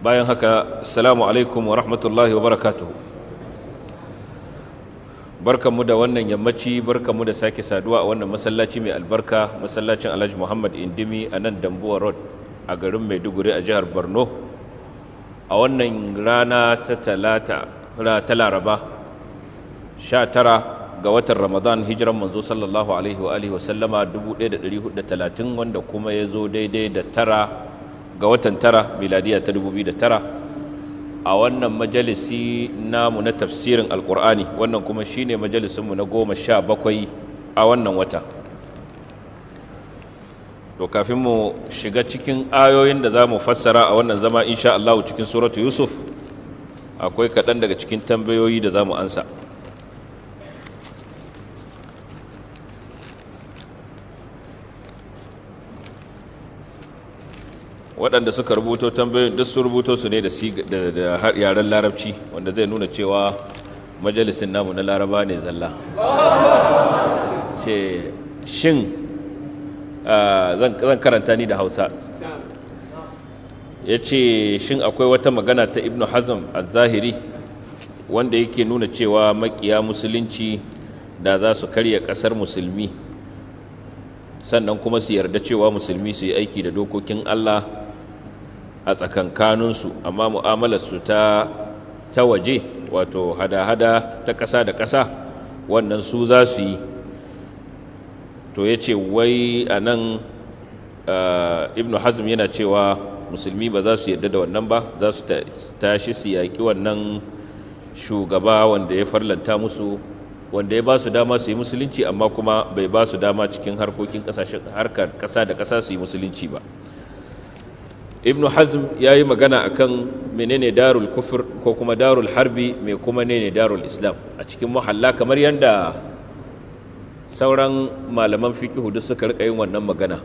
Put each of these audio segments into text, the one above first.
bayan haka salamu alaikum wa rahmatullahi wa barakatuhu barkanmu da wannan yammaci barkanmu da sake saduwa a wannan masallaci mai albarka masallacin alhaji muhammad indimi a nan dambuwa road a garin maiduguri a jihar borno a wannan rana ta talata ta laraba 19 ga watan ramadan hijiran manzo sallallahu alaihi wa alihi sallama 1430 wanda kuma ya zo daidai da tara ga watan tara miladiya ta dubu biyu da tara, a wannan majalisi namu na tafsirin alkur'ani wannan kuma shine majalisinmu na goma sha bakwai a wannan wata to kafin mu shiga cikin ayoyin da za mu fassara a wannan zama insha Allah cikin suratu yusuf akwai kaɗan daga cikin tambayoyi da za mu ansa waɗanda suka rubuto tambayoyin duk sun rubuto su ne da yaren larabci wanda zai nuna cewa majalisin namu na laraba ne zalla ce shin zan karanta ni da hausa ya ce shin akwai wata magana ta ibnu hazm a zahiri wanda yake nuna cewa makiya musulunci da za su karya ƙasar musulmi sannan kuma su yarda cewa musulmi su yi aiki da dokokin allah a tsakankaninsu amma mu'amalarsu ta ta waje wato hada-hada ta ƙasa da ƙasa wannan su za su yi to ya ce wai a nan ibn hazm yana cewa musulmi ba za su yarda da wannan ba za su tashi su yaƙi wannan shugaba wanda ya farlanta musu wanda ya ba su dama su yi musulunci amma kuma bai ba su dama cikin harkokin harkar ƙasa da ƙasa su yi musulunci ba ibnu hazm ya yi magana akan menene darul kufur ko kuma darul harbi mai kuma ne darul islam a cikin muhalla kamar yadda sauran malaman fikihu duk suka rika yin wannan magana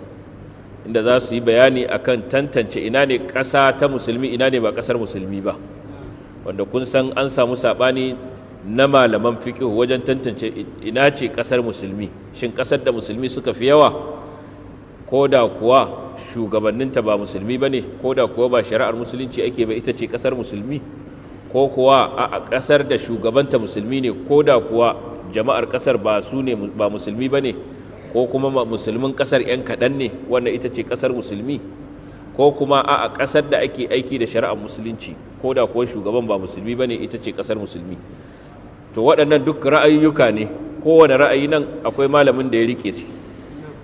inda za su yi bayani akan tantance ina ne ƙasa ta musulmi ina ne ba ƙasar musulmi ba wanda kun san an samu saɓani na malaman fikihu wajen tantance ina ce ƙasar musulmi shin ƙasar da musulmi suka fi yawa ko da kuwa shugabanninta ba musulmi ba ne ko da kuwa ba shari'ar musulunci ake ba ita ce ƙasar musulmi ko kuwa a ƙasar da shugabanta musulmi ne ko da kuwa jama'ar ƙasar ba su ne ba musulmi ba ne ko kuma musulmin ƙasar 'yan kaɗan ne wannan ita ce ƙasar musulmi ko kuma a ƙasar da ake aiki da shari'ar musulunci ko da kuwa shugaban ba musulmi ba ne ita ce ƙasar musulmi to waɗannan duk ra'ayuka ne kowane ra'ayi nan akwai malamin da ya riƙe shi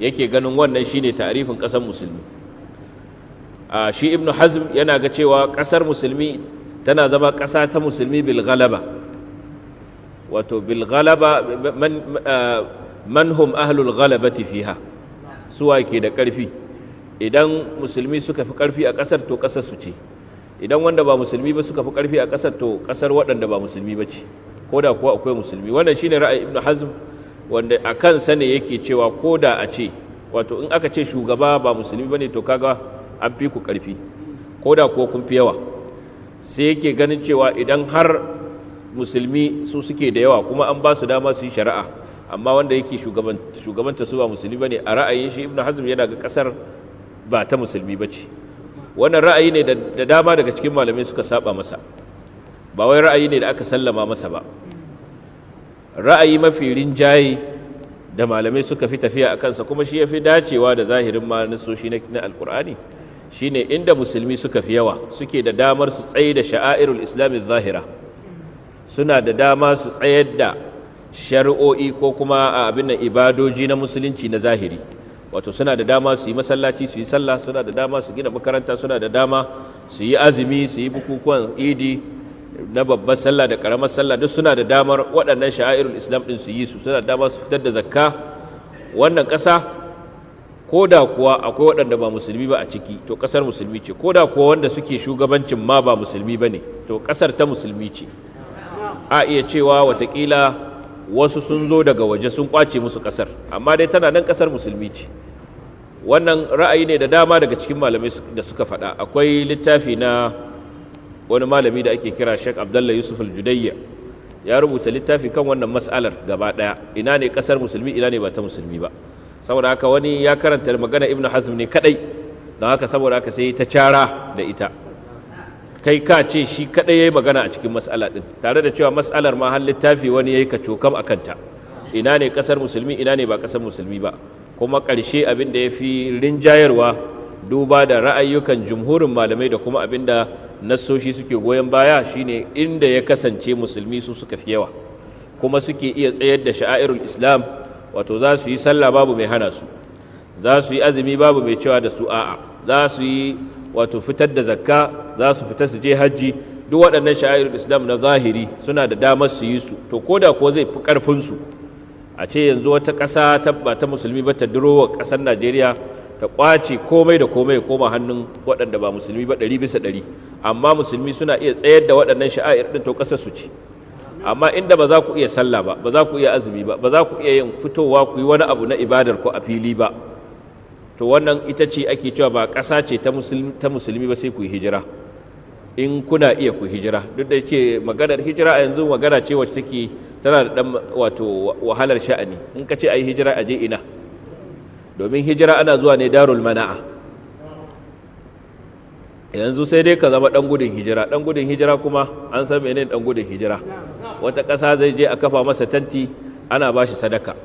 yake ganin wannan shine tarifin ƙasar musulmi a shi ibn hazm yana ga cewa ƙasar musulmi tana zama ƙasa ta musulmi bil ghalaba wato bil ghalaba man, man hum ahlul ghalabati fiha suwa ke da ƙarfi idan musulmi suka fi ƙarfi a ƙasar to ƙasar su ce idan wanda ba musulmi ba suka fi ƙarfi a ƙasar to ƙasar waɗanda ba musulmi ba ce ko da kuwa akwai musulmi wannan shine ra'ayin ibn hazm wanda a kan sani yake cewa ko da a ce wato in aka ce shugaba ba musulmi bane to kaga an fi ku karfi ko da kuwa kun fi yawa sai yake ganin cewa idan har musulmi su suke da yawa kuma an ba su dama su yi shari'a amma wanda yake shugabanta su ba musulmi bane a ra'ayin shi ibnu hazm yana ga kasar ba ta musulmi bace wannan ra'ayi ne da dama daga cikin malamai suka saba masa ba wai ra'ayi ne da aka sallama masa ba ra'ayi mafi rinjaye da malamai suka fi tafiya a kansa kuma shi ya fi dacewa da zahirin ma nasoshi na alkur'ani shine inda musulmi suka fi yawa suke da damar su tsaye da sha'airul islami zahira suna da dama su tsayar da shari'o'i ko kuma abin nan ibadoji na musulunci na zahiri wato suna da dama su yi masallaci su yi sallah suna da dama su gina makaranta suna da dama su yi azumi su yi bukukuwan idi na babbar sallah da karamar sallah duk suna da damar waɗannan sha'irul islam ɗin su yi su suna damar su fitar da zakka wannan ƙasa ko da kuwa akwai waɗanda ba musulmi ba a ciki to ƙasar musulmi ce ko da kuwa wanda suke shugabancin ma ba musulmi ba ne to ƙasar ta musulmi ce a iya cewa watakila wasu sun zo daga waje sun kwace musu ƙasar amma dai tana nan ƙasar musulmi ce wannan ra'ayi ne da dama daga cikin malamai da suka faɗa akwai littafi na wani malami da ake kira Sheikh Abdullah Yusuf aljudayya ya rubuta littafi kan wannan mas'alar gaba daya ina ne kasar musulmi ina ne ba ta musulmi ba saboda haka wani ya karanta magana ibnu Hazm ne kadai don haka saboda haka sai ta cara da ita kai ka ce shi kadai yayi magana a cikin mas'ala din tare da cewa mas'alar ma har littafi wani yayi kacokam akan ta ina ne kasar musulmi ina ne ba kasar musulmi ba kuma karshe abin da ya fi rinjayarwa duba da ra'ayyukan jumhurin malamai da kuma abin da nasoshi suke goyon baya shine inda ya kasance musulmi su suka fi yawa kuma suke iya tsayar da sha'airul islam wato za su yi sallah babu mai hana su za su yi azumi babu mai cewa da su a'a za su yi wato fitar da zakka za su fita su je hajji duk waɗannan sha'airul islam na zahiri suna da damar su yi su to ko da ko zai fi ƙarfin su a ce yanzu wata ƙasa ta ba ta musulmi ba ta durowa ƙasar najeriya ta kwace komai da komai ya koma hannun waɗanda ba musulmi ba ɗari bisa ɗari amma musulmi suna iya tsayar da waɗannan sha'air ɗin to ƙasar su ce amma inda ba za ku iya sallah ba ba za ku iya azumi ba ba za ku iya yin fitowa ku yi wani abu na ibadar ku a fili ba to wannan ita ce ake cewa ba ƙasa ce ta musulmi ba sai ku yi hijira in kuna iya ku hijira duk da yake maganar hijira a yanzu magana ce wacce take tana da ɗan wato wahalar sha'ani in ka ce a yi hijira a je ina domin hijira ana zuwa ne darul mana'a yanzu sai dai ka zama dan gudun hijira dan gudun hijira kuma an san menene dan gudun hijira wata ƙasa zai je a kafa masa tanti ana ba shi sadaka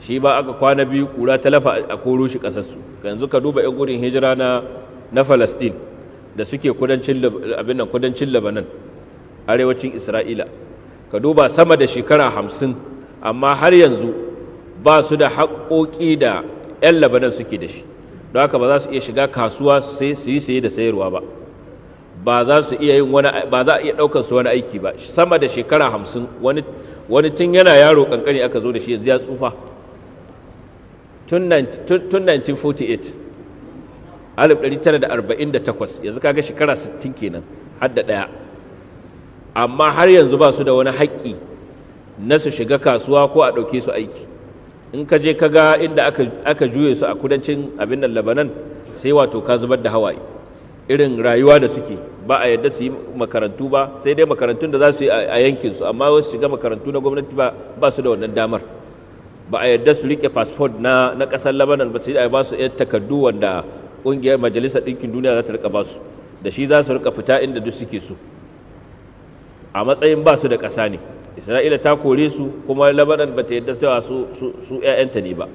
shi ba aka kwana biyu kura talafa a koro shi ƙasarsu yanzu ka duba 'yan gudun hijira na na falastin da suke kudancin abin nan kudancin labanan arewacin isra'ila ka duba sama da shekara hamsin amma har yanzu ba su da haƙoƙi da 'yan labanan suke da shi don haka ba za su iya shiga kasuwa su yi saye da sayarwa ba ba za su iya yin wani ba za a iya ɗaukar su wani aiki ba sama da shekara hamsin wani wani tun yana yaro ƙanƙani aka zo da shi yanzu ya tsufa tun 1948 1948 yanzu kaga shekara 60 kenan hadda ɗaya amma har yanzu ba su da wani haƙƙi na su shiga kasuwa ko a ɗauke su aiki in ka je ka ga inda aka juye su a kudancin abin nan labanan sai wato ka zubar da hawaye irin rayuwa da suke ba a yadda su yi makarantu ba sai dai makarantun da za su yi a yankin su amma wasu shiga makarantu na gwamnati ba su da wannan damar ba a yadda su rike fasfod na na kasar labanan ba sai a ba su yan takardu wanda ƙungiyar majalisar ɗinkin duniya za ta rika ba su da shi za su rika fita inda duk suke so a matsayin ba su da ƙasa ne isra'ila ta kore su kuma labanan ba ta yadda cewa su su ƴaƴanta ne ba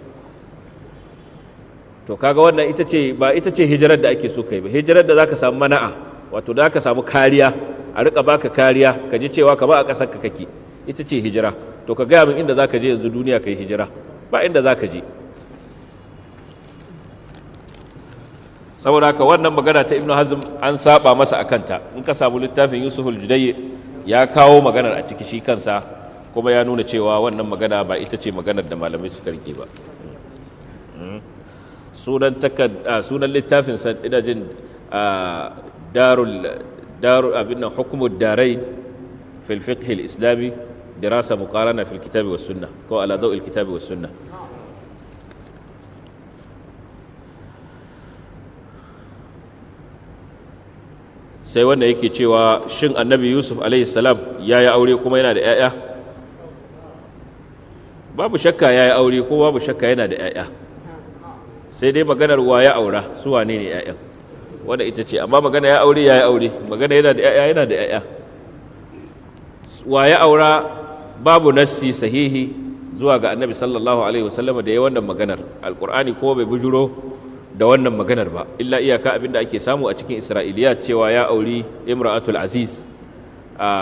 to kaga wannan ita ce ba ita ce hijirar da ake so kai ba hijirar da zaka samu mana'a wato da ka samu kariya a rika baka kariya ka ji cewa kamar a ƙasar ka kake ita ce hijira to ka gaya min inda zaka je yanzu duniya kai hijira ba inda zaka je saboda haka wannan magana ta ibnu hazm an saba masa akanta in ka samu littafin yusuful judayyi ya kawo maganar a ciki shi kansa kuma ya nuna cewa wannan magana ba ita ce maganar da malamai su karke ba hmm? sunan ah, littafin san ina jin ah, darul darul darai filfikhil islami dirasa mukarana filkitabi kitabi was ko ala daw al kitabi sai wanda yake cewa shin annabi yusuf alaihissalam ya yi aure kuma yana da 'ya'ya babu shakka ya yi aure ko babu shakka yana da 'ya'ya sai dai maganar wa ya aura su wane ne 'ya'yan wanda ita ce amma magana ya aure ya yi aure magana yana da 'ya'ya yana da 'ya'ya wa ya aura babu nassi sahihi zuwa ga annabi sallallahu alaihi wasallam da ya wannan maganar alkur'ani ko bai bujuro da wannan maganar ba illa iyaka abinda ake samu a cikin isra'iliya cewa ya auri imra'atul aziz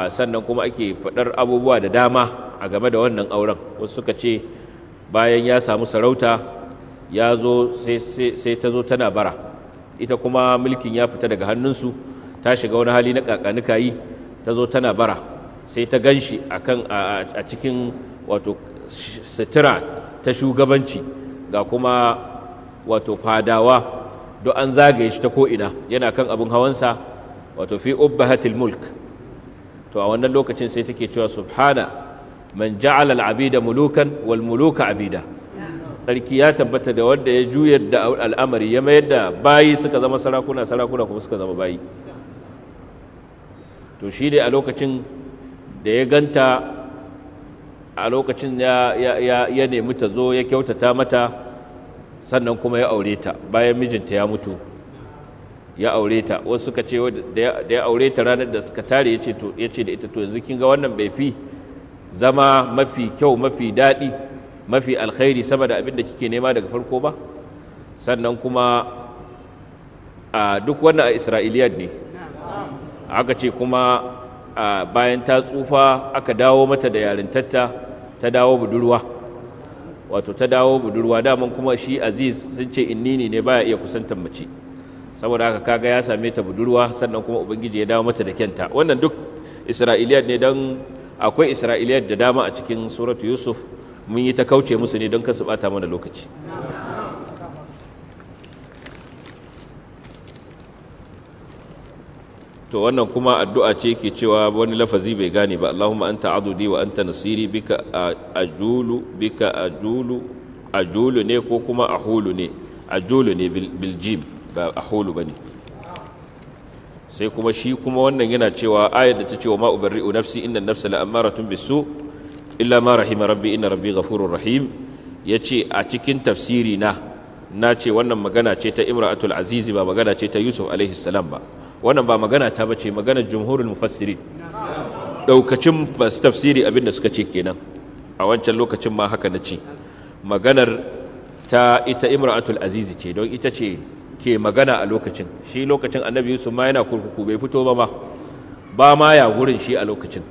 sannan kuma ake faɗar abubuwa da dama a game da wannan auren wasu suka ce bayan ya samu sarauta ya zo sai ta zo tana bara ita kuma mulkin ya fita daga hannunsu ta shiga wani hali na kakanuka yi ta zo tana bara sai ta gan shi a cikin wato sutura ta shugabanci ga kuma wato fadawa do an zagaye shi ta ko'ina yana kan abin hawansa wato fi ubbahatil mulk to a wannan lokacin sai take cewa subhana man ja'ala al'abida mulukan wal muluka abida sarki ya tabbata da wadda ya juya da al'amari ya mayar da bayi suka zama sarakuna sarakuna kuma suka zama bayi to shi dai a lokacin da ya ganta a lokacin ya nemi ta zo ya kyautata mata sannan kuma ya aure ta bayan mijinta ya mutu ya aure ta wasu suka ce da ya aure ta ranar da suka tare yace to yace da ita to yanzu kin ga wannan bai fi zama mafi kyau mafi daɗi mafi alkhairi sama da abin da kike nema daga farko ba sannan kuma a duk wannan a isra'iliyat ne aka ce kuma bayan ta tsufa aka dawo mata da yarintarta ta dawo budurwa wato ta dawo budurwa daman kuma shi aziz sun ce in innini ne baya iya kusantar mace saboda haka kaga ya same ta budurwa sannan kuma ubangiji ya dawo mata da kyanta wannan duk isra'iliyat ne don akwai isra'iliyat da dama a cikin suratu yusuf mun yi ta kauce musu ne don kasu bata mana lokaci to wannan kuma addu'a ce ke cewa wani lafazi bai gane ba Allahumma anta adudi wa anta nasiri bika ajulu bika ajulu ajulu ne ko kuma ahulu ne ajulu ne bil jim ba ahulu bane sai kuma shi kuma wannan yana cewa ayar da ta ce wa ma ubarri'u nafsi inna nafsa la'amaratun bisu illa ma rahima rabbi inna rabbi ghafurur rahim yace a cikin tafsiri na na ce wannan magana ce ta imra'atul azizi ba magana ce ta yusuf alaihi salam ba wannan ba magana ta bace maganar jumhurul mufassirin daukacin masu tafsiri abinda suka ce kenan a wancan lokacin ma haka na ce maganar ta ita imra'atul azizi ce don ita ce ke magana a lokacin shi lokacin annabi yusuf ma yana kurkuku bai fito ba ma ba ma ya gurin shi a lokacin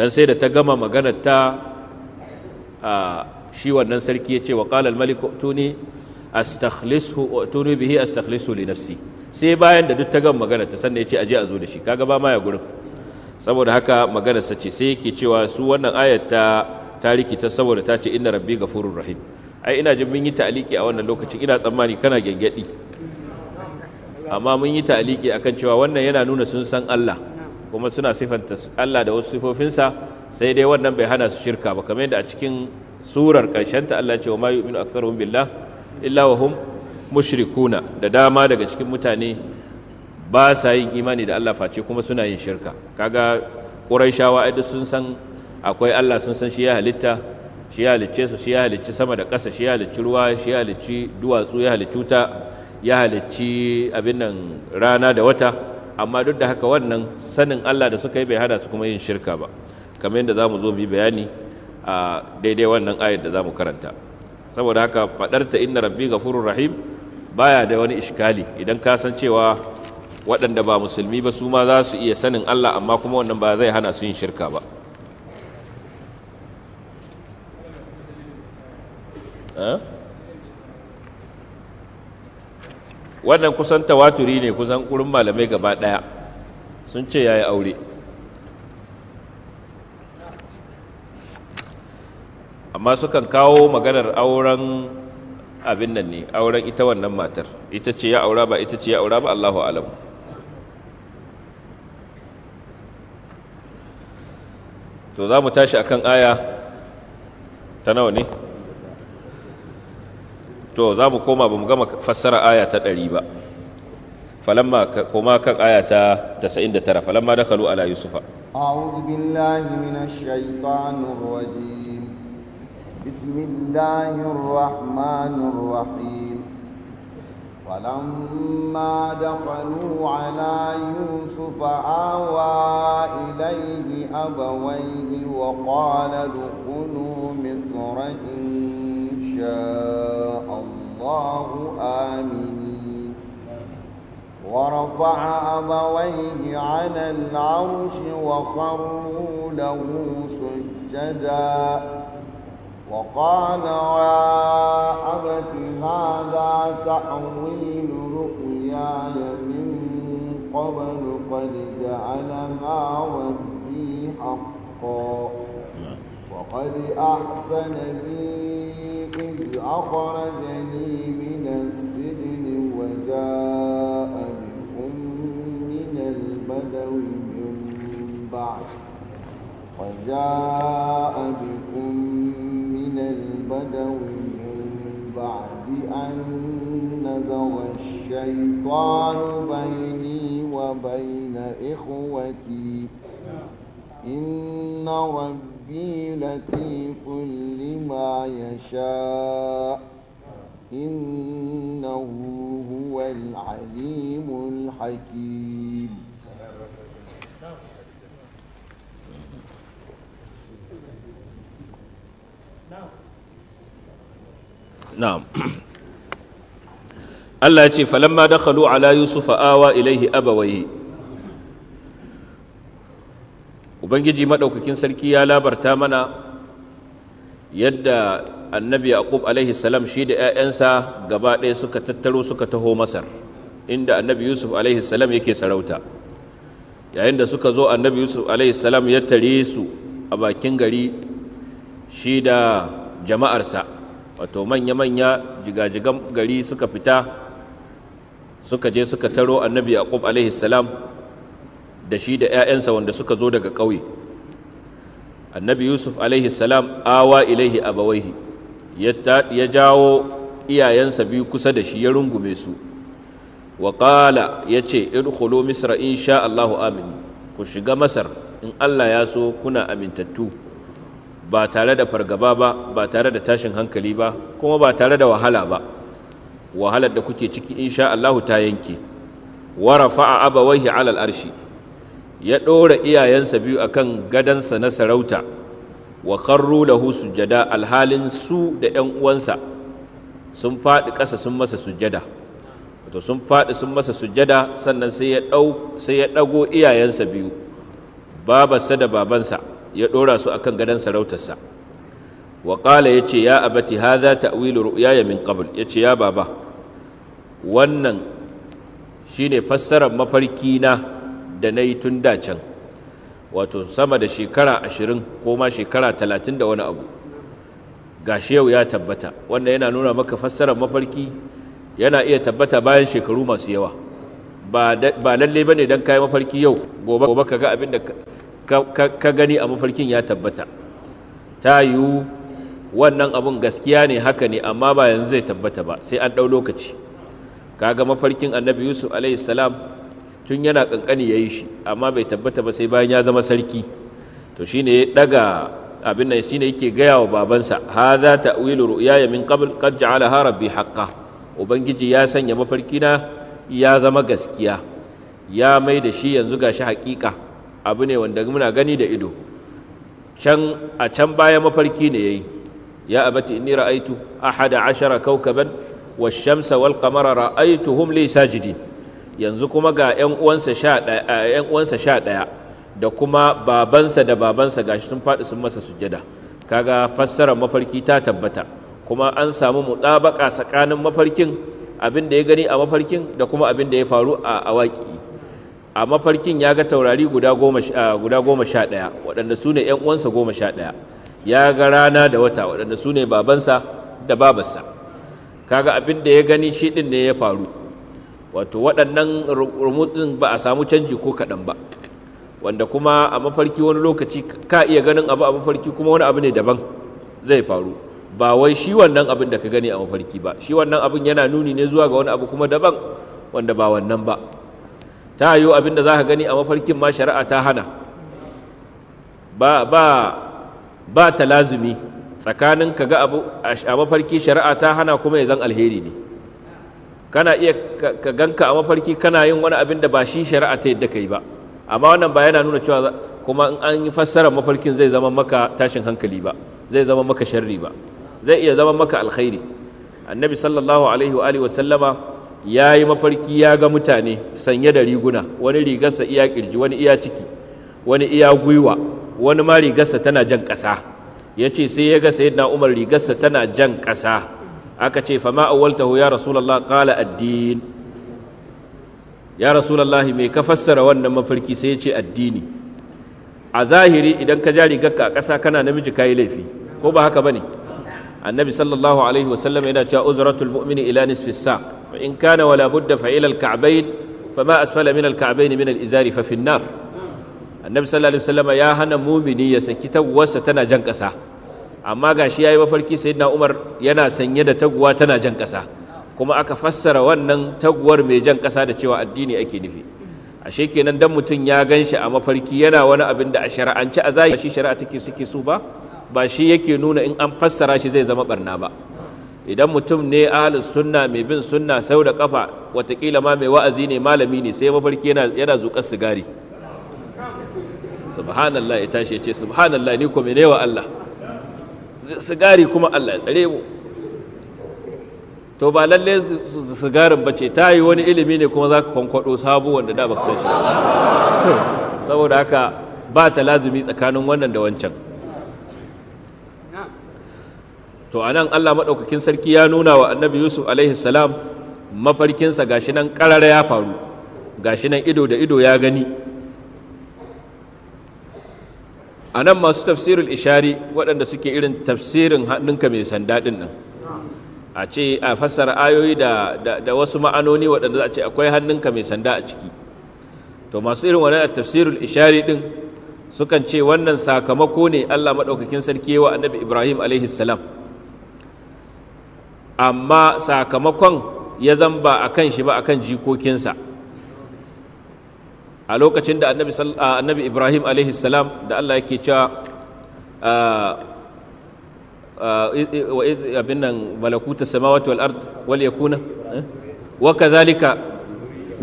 dan sai da ta gama maganar ta shi wannan sarki ya ce wa qala al-malik tuni astakhlisu utuni li nafsi sai bayan da duk ta gan magana ta sanna yace aje a zo da shi kaga ba ma ya gurin saboda haka maganarsa sa ce sai yake cewa su wannan ayat ta tariki ta saboda ta ce inna rabbi ghafurur rahim ai ina jin mun yi ta'aliki a wannan lokacin ina tsammani kana gengedi amma mun yi ta'aliki akan cewa wannan yana nuna sun san Allah kuma suna sifanta Allah da wasu sifofinsa sai dai wannan bai hana su shirka ba kamar yadda a cikin surar karshen ta Allah ce wa ma aktsaruhum billah illa wa hum mushrikuna da dama daga cikin mutane ba sa yin imani da Allah face kuma suna yin shirka kaga quraishawa ai sun san akwai Allah sun san shi ya halitta shi ya halicce su shi ya halicci sama da ƙasa shi ya halicci ruwa shi ya halicci duwatsu ya halicci wuta ya halicci abin nan rana da wata amma duk da haka wannan sanin Allah da suka yi bai hada su kuma yin shirka ba kamar yadda za mu zo bi bayani a daidai wannan ayar da za mu karanta saboda haka ta inna rabbi gafurur rahim baya da wani ishkali idan ka san cewa waɗanda ba musulmi ba su ma za su iya sanin Allah amma kuma wannan ba zai hana su yin shirka ba wannan kusan tawaturi ne kusan ƙurin malamai gaba ɗaya sun ce ya yi aure amma sukan kawo maganar auren abin nan ne auren ita wannan matar ita ce ya aura ba ita ce ya aura ba Allahu alam to za mu tashi akan aya ta nawa ne to za mu koma ba mu gama fassara aya ta ɗari ba falamma koma kan aya ta tasa'in da tara, falamma dakhalu ala yusufa a'udhu billahi minash shaitanir rajim بسم الله الرحمن الرحيم فلما دخلوا على يوسف آوى إليه أبويه وقال ادخلوا مصر إن شاء الله آمنين ورفع أبويه على العرش وخروا له سجداً وقال يا أبت هذا تأويل رؤياي من قبل قد جعلها ربي حقا وقد أحسن بي إذ أخرجني من السجن وجاء بكم من البدو من بعد وجاء بكم بدو من بعد أن نزغ الشيطان بيني وبين إخوتي إن ربي لطيف لما يشاء إنه هو العليم الحكيم na'am Allah ya ce falamma dakhalu ala yusuf a awa ilaihi abawayi ubangiji madaukakin sarki ya labarta mana yadda annabi yaqub alaihi salam shi da ƴaƴansa gaba ɗaya suka tattaro suka taho masar inda annabi yusuf alaihi salam yake sarauta yayin da suka zo annabi yusuf alaihi salam ya tare su a bakin gari shi da jama'arsa wato manya-manya jigajigan gari suka fita suka je suka taro annabi yaqub alaihi salam da shi da 'ya'yansa wanda suka zo daga ƙauye annabi yusuf alaihi salam awa ilaihi bawaihi, ya jawo iyayensa biyu kusa da shi ya rungume su waƙala ya ce, idkhulu misra insha Allahu amin ku shiga masar in Allah ya so kuna amintattu ba tare da fargaba ba ba tare da tashin hankali ba kuma ba tare da wahala ba wahalar da kuke ciki insha Allahu ta yanke wa rafa'a abawaihi 'alal arshi ya dora iyayensa biyu akan gadansa na sarauta wa kharru lahu sujada alhalin su da ƴan uwansa sun faɗi ƙasa sun masa sujada to sun faɗi sun masa sujada sannan sai ya dau sai ya ɗago iyayensa biyu babarsa da babansa ya ɗora su akan gadon sarautarsa wa ƙala ya ce ya abati ta ta'wilu ru'yaya min qabl ya ce ya baba wannan shine fassarar mafarki na da na yi tun da can wato sama da shekara ashirin ko ma shekara talatin da wani abu gashi yau ya tabbata wannan yana nuna maka fassarar mafarki yana iya tabbata bayan shekaru masu yawa ba lalle ba ne don kayi mafarki yau gobe ka ga abin da ka gani a mafarkin ya tabbata ta yiwu wannan abun gaskiya ne haka ne amma ba yanzu zai tabbata ba sai an ɗau lokaci kaga mafarkin annabi yusuf salam tun yana ƙanƙani ya yi shi amma bai tabbata ba sai bayan ya zama sarki to shi ya ɗaga abin nan ne yake gaya wa babansa Ha za ta wilu ru'ya ya min qabl qad harar rabbi haqqan ubangiji ya sanya mafarkina ya zama gaskiya ya mai da shi yanzu ga shi haƙiƙa abu ne wanda muna gani da ido can a can baya mafarki ne yayi ya abati inni ra'aitu ahada ashara kawkaban wash-shamsa wal-qamara ra'aytuhum li sajidin yanzu kuma ga ƴan uwansa 11 ƴan uwansa 11 da kuma babansa da babansa gashi sun faɗi sun masa sujjada kaga fassarar mafarki ta tabbata kuma an samu mutabaka tsakanin mafarkin abin da ya gani a mafarkin da kuma abin da ya faru a awaki a mafarkin ya ga taurari guda goma sha ɗaya waɗanda su ne uwansa goma sha ɗaya ya ga rana da wata waɗanda su ne babansa da babarsa kaga abin da ya gani shi ɗin ne ya faru wato waɗannan rumutsin ba a samu canji ko kaɗan ba wanda kuma a mafarki wani lokaci ka iya ganin abu a mafarki kuma wani abu ne daban zai faru ba wai shi wannan abin da ka gani a mafarki ba shi wannan abin yana nuni ne zuwa ga wani abu kuma daban wanda ba wannan ba ta yiwu abin da za ka gani a mafarkin ma shari'a ta hana ba ba ba talazumi tsakanin ka ga abu a mafarki shari'a ta hana kuma ya zan alheri ne kana iya ka ganka a mafarki kana yin wani abin da ba shi shari'a ta yadda kai ba amma wannan ba yana nuna cewa kuma in an yi fassara mafarkin zai zama maka tashin hankali ba zai zama maka sharri ba zai iya zama maka alkhairi annabi sallallahu alaihi wa alihi wa sallama ya yi mafarki ya ga mutane sanye da riguna wani rigarsa iya kirji wani iya ciki wani iya gwiwa wani ma rigarsa tana jan ƙasa ya ce sai ya ga sayyidina umar rigarsa tana jan ƙasa aka ce fama awwaltahu ya rasulallah ƙala addin ya rasulallah mai ka fassara wannan mafarki sai ya ce addini a zahiri idan ka ja rigarka a ƙasa kana namiji kayi laifi ko ba haka ba ne. annabi sallallahu alaihi wasallam yana cewa uzratul mu'mini ila nisfi saq in kana wala da fa ila al asfala min al-ka'bayn min al-izari fa fi an-nar annabi sallallahu ya hana mumini ya saki taguwarsa tana jan kasa amma gashi yi mafarki sayyidina Umar yana sanye da taguwa tana jan kasa kuma aka fassara wannan taguwar mai jan kasa da cewa addini ake nufi ashe kenan dan mutum ya ganshi a mafarki yana wani abin da a shari'ance a zahiri shi shari'a take suke so ba ba shi yake nuna in an fassara shi zai zama barna ba idan mutum ne ahlus sunna mai bin sunna sau da kafa watakila ma mai wa'azi ne malami ne sai mafarki yana zuƙar sigari subhanallah ya tashi ya ce subhanallah ni kuma ne wa Allah sigari kuma Allah ya tsare mu to ba lalle sigarin bace ta yi wani ilimi ne kuma zaka kwankwado sabu wanda da baka san shi saboda haka ba ta lazumi tsakanin wannan da wancan to a nan Allah maɗaukakin sarki ya nuna wa annabi Yusuf alaihi salam mafarkinsa gashi nan ƙarara ya faru gashi nan ido da ido ya gani a nan masu tafsirin ishari waɗanda suke irin tafsirin hannunka mai sanda nan a ce a fassara ayoyi da, da, wasu ma'anoni waɗanda za a ce akwai hannunka mai sanda a ciki to masu irin wani a tafsirul ishari ɗin sukan ce wannan sakamako ne allah maɗaukakin sarki wa annabi ibrahim alaihi salam amma sakamakon ya zan ba a kan shi ba a kan jikokinsa a lokacin da annabi ibrahim salam da allah yake cewa abin nan malakuta samawati wal ard wal yakuna eh? wa kadhalika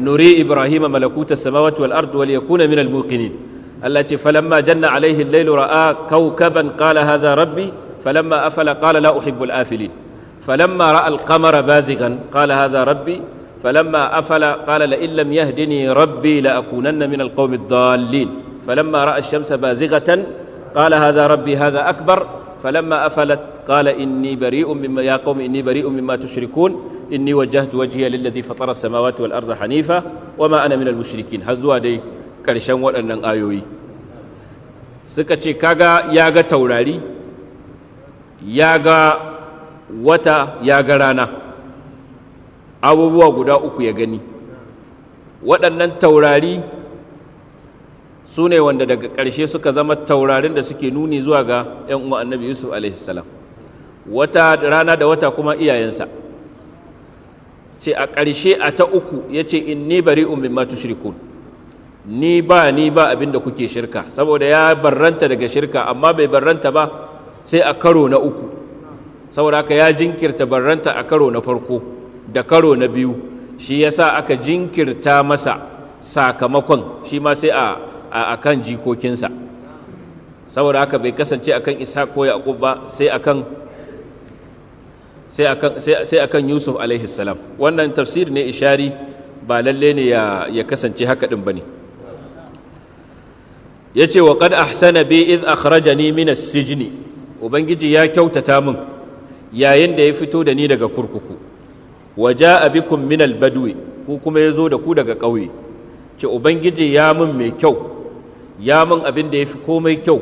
nuri ibrahim malakuta samawati wal ard wal yakuna min al muqinin allah ce falamma janna alaihi al-lailu ra'a kawkaban qala hadha rabbi falamma afala qala la uhibbu al afilin فلما رأى القمر بازغا قال هذا ربي فلما أفل قال لئن لم يهدني ربي لأكونن من القوم الضالين فلما رأى الشمس بازغة قال هذا ربي هذا أكبر فلما أفلت قال إني بريء مما يا قوم إني بريء مما تشركون إني وجهت وجهي للذي فطر السماوات والأرض حنيفة وما أنا من المشركين هذو دي كرشان waɗannan ايوي سكتي كاغا ياغا ya ياغا wata ya ga rana abubuwa guda uku ya gani waɗannan taurari su ne wanda daga ƙarshe suka zama taurarin da suke nuni zuwa ga 'yan uwa annabi yusuf alaihissalam wata rana da wata kuma iyayensa ce a ƙarshe a ta uku ya ce in ni bari umin matu shirkun ni ba ni ba abin da kuke shirka saboda ya barranta daga shirka amma bai barranta ba sai a karo na uku saboda haka ya jinkirta barranta a karo na farko da karo na biyu shi ya sa aka jinkirta masa sakamakon shi ma sai a kan jikokinsa saboda haka bai kasance akan isa ko Yaqub ba sai a sai sai Yusuf alaihi salam wannan tafsir ne ishari ba lalle ne ya kasance haka din ya ce wa ƙad ahsana bi id akhrajani min as sijini ubangiji ya kyautata min yayin da ya fito da ni daga kurkuku wa ja bikum min al-badwi ku kuma yazo da ku daga ƙauye ce ubangiji ya mun mai kyau ya mun abin da fi komai kyau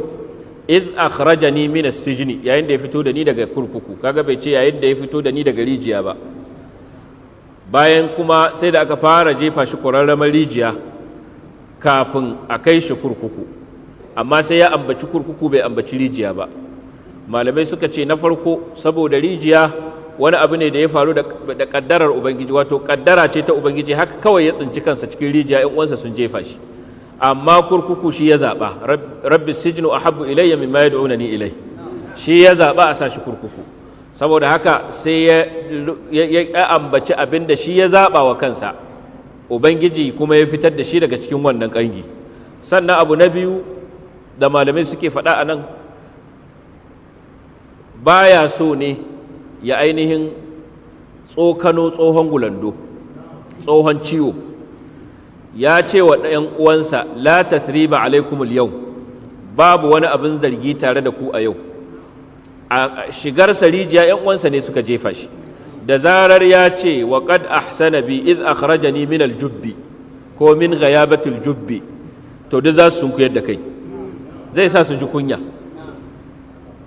iz akhrajani min as-sijni yayin da ya fito da ni daga kurkuku kaga bai ce yayin da ya fito da ni daga rijiya ba bayan kuma sai da aka fara jefa shi kurarramar rijiya kafin a kai shi kurkuku amma sai ya ambaci kurkuku bai ambaci rijiya ba malamai suka ce na farko saboda rijiya wani abu ne da ya faru da kaddarar ubangiji wato kaddara ce ta ubangiji haka kawai ya tsinci kansa cikin rijiya in uwansa sun jefa shi amma kurkuku shi ya zaba rabbi sijnu ahabbu ilayya mimma ni ilai shi ya zaba a sa shi kurkuku saboda haka sai ya ambaci abin da shi ya zaba wa kansa ubangiji kuma ya fitar da shi daga cikin wannan kangi sannan abu na biyu da malamai suke faɗa a nan baya so ne ya ainihin tsokano tsohon gulando tsohon ciwo ya ce wa ɗayan uwansa la tathriba alaikumul yau babu wani abin zargi tare da ku a yau a shigar sarijiya ‘yan uwansa ne suka jefa shi da zarar ya ce wa qad ahsana bi iz akhrajani min aljubbi ko min ghayabatil jubbi to duk za su sunkuyar da kai zai sa su ji kunya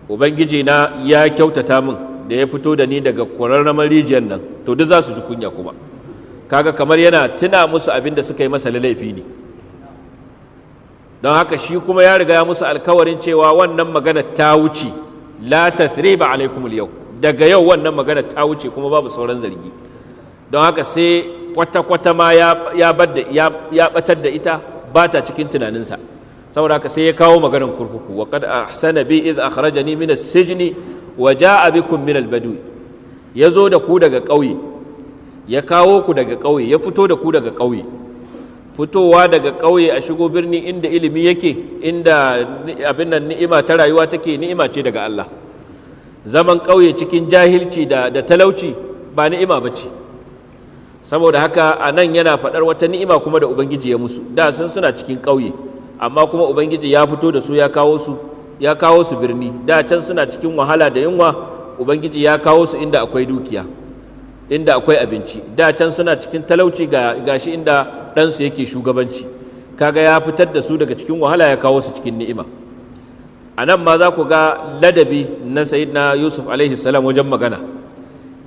ubangiji na ya kyautata min da ya fito da ni daga kwararramar rijiyar nan to duk za su ji kunya kuma kaga kamar yana tuna musu abin da suka yi masa laifi ne don haka shi kuma ya riga ya musu alkawarin cewa wannan magana ta wuce la tathriba alaikum yau daga yau wannan magana ta wuce kuma babu sauran zargi don haka sai kwata-kwata ma ya batar da ita ba ta cikin tunaninsa saboda haka sai ya kawo maganar kurkuku wa kad ahsana bi iz akhrajani min as-sijni wa ja'a bikum min al badu yazo da ku daga ƙauye ya kawo ku daga ƙauye ya fito da ku daga ƙauye fitowa daga ƙauye a shigo birni inda ilimi yake inda abin nan ni'ima ta rayuwa take ni'ima ce daga Allah zaman ƙauye cikin jahilci da da talauci ba ni'ima bace saboda haka a nan yana faɗar wata ni'ima kuma da ubangiji ya musu da sun suna cikin ƙauye amma kuma ubangiji ya fito da su ya kawo su birni da can suna cikin wahala da yunwa ubangiji ya kawo su inda akwai dukiya inda akwai abinci da can suna cikin talauci ga gashi inda ɗansu yake shugabanci kaga ya fitar da su daga cikin wahala ya kawo su cikin ni'ima a nan ma za ku ga ladabi na sayidina yusuf alaihi wajen magana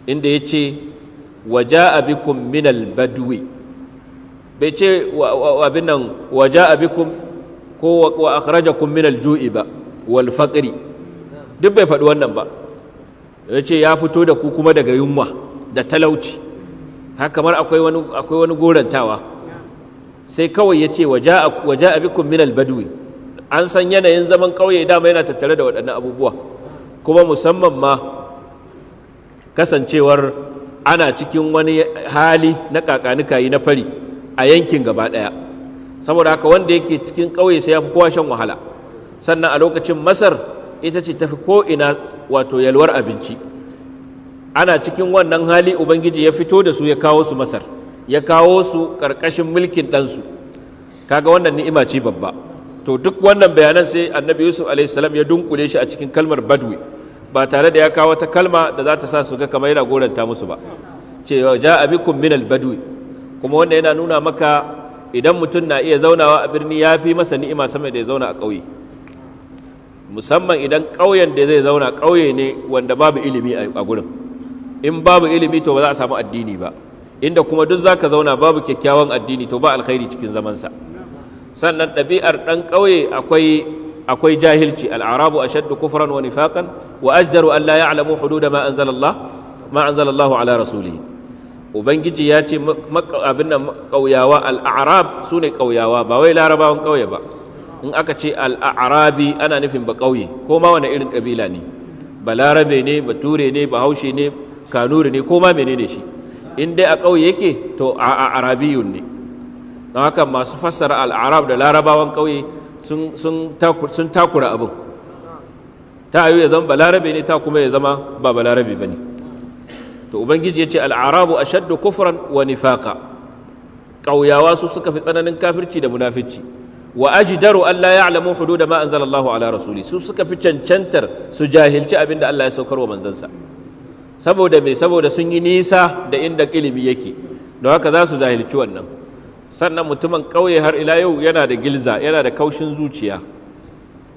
inda ya ce waja'a bikum minal badwi bai ce abin nan waja'a bikum ko wa akhrajakum min al-ju'i ba wal faqri duk bai faɗi wannan ba yace ya fito da ku kuma daga yunwa da talauci har kamar akwai wani akwai wani gorantawa sai kawai yace waja'a waja'a bikum min al-badwi an san yanayin zaman kauye dama yana tattare da waɗannan abubuwa kuma musamman ma kasancewar ana cikin wani hali na kakanikayi na fari a yankin gaba ɗaya saboda haka wanda yake cikin kauye sai ya fi kowa shan wahala sannan a lokacin masar ita ce tafi ko ina wato yalwar abinci ana cikin wannan hali ubangiji ya fito da su ya kawo su masar ya kawo su ƙarƙashin mulkin ɗansu kaga wannan ni'ima ce babba to duk wannan bayanan sai annabi yusuf alaihissalam ya dunkule shi a cikin kalmar badwi ba tare da ya kawo wata kalma da za ta sa su ga kamar yana goranta musu ba cewa ja abikum min al kuma wannan yana nuna maka idan mutum na iya zaunawa a birni ya fi masa ni'ima sama da ya zauna a ƙauye musamman idan ƙauyen da zai zauna ƙauye ne wanda babu ilimi a gurin in babu ilimi to ba za a samu addini ba inda kuma duk zaka zauna babu kyakkyawan addini to ba alkhairi cikin zamansa sannan ɗabi'ar ɗan ƙauye akwai akwai jahilci al'arabu ashaddu kufran wa nifaqan wa ajdaru an la ya'lamu hududa ma anzalallah ma anzalallahu ala rasulihi ubangiji ya ce abin nan ƙauyawa al'arab su ne ƙauyawa ba wai larabawan ƙauye ba in aka ce al'arabi ana nufin ba ƙauye ko ma wani irin ƙabila ne ba larabe ne ba ture ne ba haushe ne kanuri ne ko ma menene shi in dai a ƙauye yake to a arabiyun ne don haka masu fassara al'arab da larabawan ƙauye sun takura abin ta yi ya zama ba larabe ne ta kuma ya zama ba ba larabe ba ne to ubangiji ya ce al'arabu ashaddu kufran wa nifaqa ƙauyawa su suka fi tsananin kafirci da munafici wa ajdaru allah ya ya'lamu hudu da anzala Allahu ala rasuli su suka fi cancantar su jahilci abin da Allah ya saukar wa manzansa saboda me saboda sun yi nisa da inda ilimi yake don haka za su jahilci wannan sannan mutumin ƙauye har ila yau yana da gilza yana da kaushin zuciya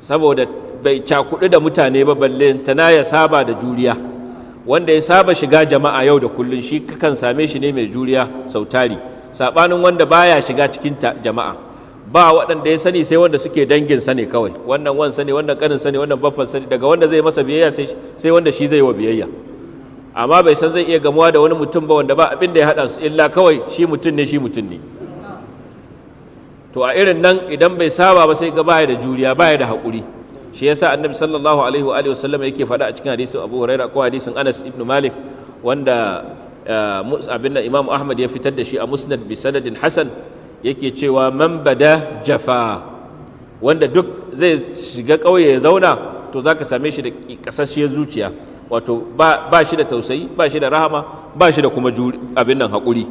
saboda bai cakudu da mutane ba balle tana ya saba da juriya wanda ya saba shiga jama'a yau da kullun shi kakan same shi ne mai juriya sautari sabanin wanda baya shiga cikin jama'a ba waɗanda ya sani sai wanda suke dangin sani ne kawai wannan wan sani wannan kanin sani wannan babban sani daga wanda zai masa biyayya sai wanda shi zai wa biyayya amma bai san zai iya gamuwa da wani mutum ba wanda ba abin da ya hada su illa kawai shi mutum ne shi mutum ne to a irin nan idan bai saba ba sai ga baya da juriya baya da haƙuri shi yasa annabi sallallahu alaihi wa alihi wasallam yake faɗa a cikin hadisin Abu Hurairah ko hadisin Anas ibn Malik wanda eh, abin Imam Ahmad ya fitar da shi a Musnad bi sanadin Hasan yake cewa man bada jafa wanda duk zai shiga ƙauye ya zauna to zaka same shi da kasasshiyar zuciya wato ba shi da tausayi ba shi da rahama ba shi da kuma abin nan haƙuri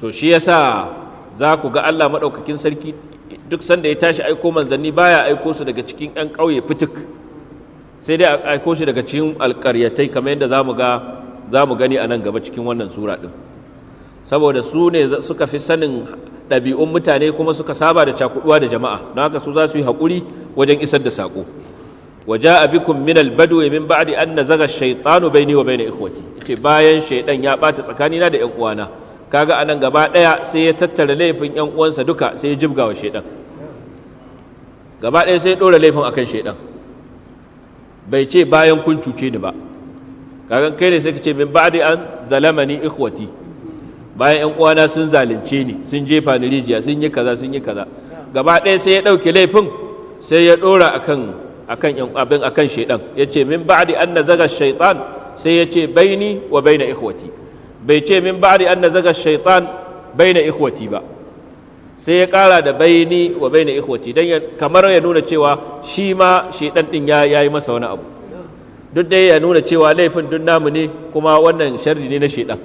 to shi yasa za ku ga Allah maɗaukakin sarki duk sanda ya tashi aiko manzanni baya aiko su daga cikin 'yan ƙauye fituk sai dai aiko shi daga cikin alƙaryatai kamar yadda za mu gani a nan gaba cikin wannan sura ɗin saboda su ne suka fi sanin ɗabi'un mutane kuma suka saba da cakuɗuwa da jama'a don haka su za su yi haƙuri wajen isar da saƙo waja abikum min albadwi min ba'di an nazaga shaytanu bayni wa bayna ikhwati yace bayan shaydan ya tsakani tsakanina da ƴan uwana kaga anan gaba daya sai ya tattara laifin yan uwansa duka sai ya jibga wa shedan gaba daya sai ya ɗora laifin akan shedan bai ce bayan kun cuce ni ba kaga kai ne sai ka ce min ba'di an zalamani ikhwati bayan yan uwana sun zalunce ni sun jefa ni rijiya sun yi kaza sun yi kaza gaba daya sai ya ɗauki laifin sai ya ɗora akan akan yan abin akan shedan yace min ba'di an nazaga shaytan sai yace baini wa baina ikhwati bai ce min ba'di anna zaga shaitan baina ikhwati ba sai ya kara da baini wa baina ikhwati dan kamar ya nuna cewa shi ma shaitan din ya yi masa wani abu duk dai ya nuna cewa laifin duk namu ne kuma wannan sharri ne na shaitan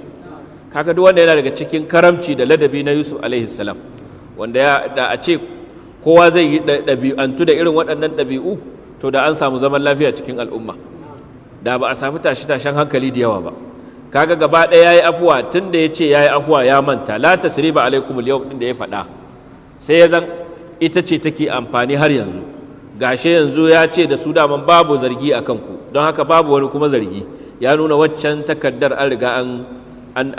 kaga duk wanda yana daga cikin karamci da ladabi na Yusuf alaihi salam wanda ya da a ce kowa zai yi ɗabi'antu da irin waɗannan ɗabi'u to da an samu zaman lafiya cikin al'umma da ba a samu tashi tashen hankali da yawa ba kaga gaba ɗaya ya yi afuwa tun da ya ce ya yi afuwa ya manta la ba alaikumul yawm ɗin da ya faɗa sai ya zan ita ce take amfani har yanzu gashe yanzu ya ce da su daman babu zargi a kanku don haka babu wani kuma zargi ya nuna waccan takardar an riga an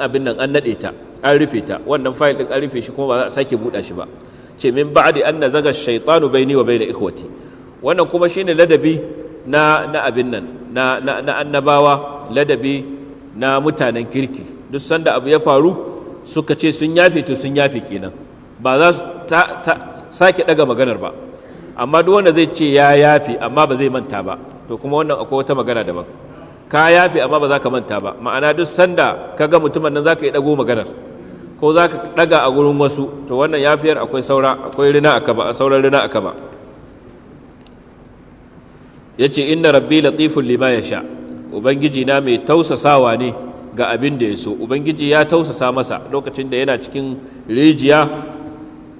abin nan an nade ta an rufe ta wannan fayil ɗin an rufe shi kuma ba za a sake buɗa shi ba ce min ba'adi an nazaga bai baini wa baina ikhwati wannan kuma shine ladabi na abin nan na annabawa ladabi na mutanen kirki duk sanda abu ya faru suka ce sun yafe to sun yafe kenan ba za su sake daga maganar ba amma duk wanda zai ce ya yafe amma ba zai manta ba to kuma wannan akwai wata magana daban ka yafe amma ba za ka manta ba ma'ana duk sanda ka ga mutumin nan za ka yi dago maganar ko za ka daga a gurin wasu to wannan yafiyar akwai saura akwai rina aka ba sauran rina aka ba yace inna rabbi latifun lima sha. ubangiji na mai tausasawa ne ga abin da ya so ubangiji ya tausasa masa lokacin da yana cikin rijiya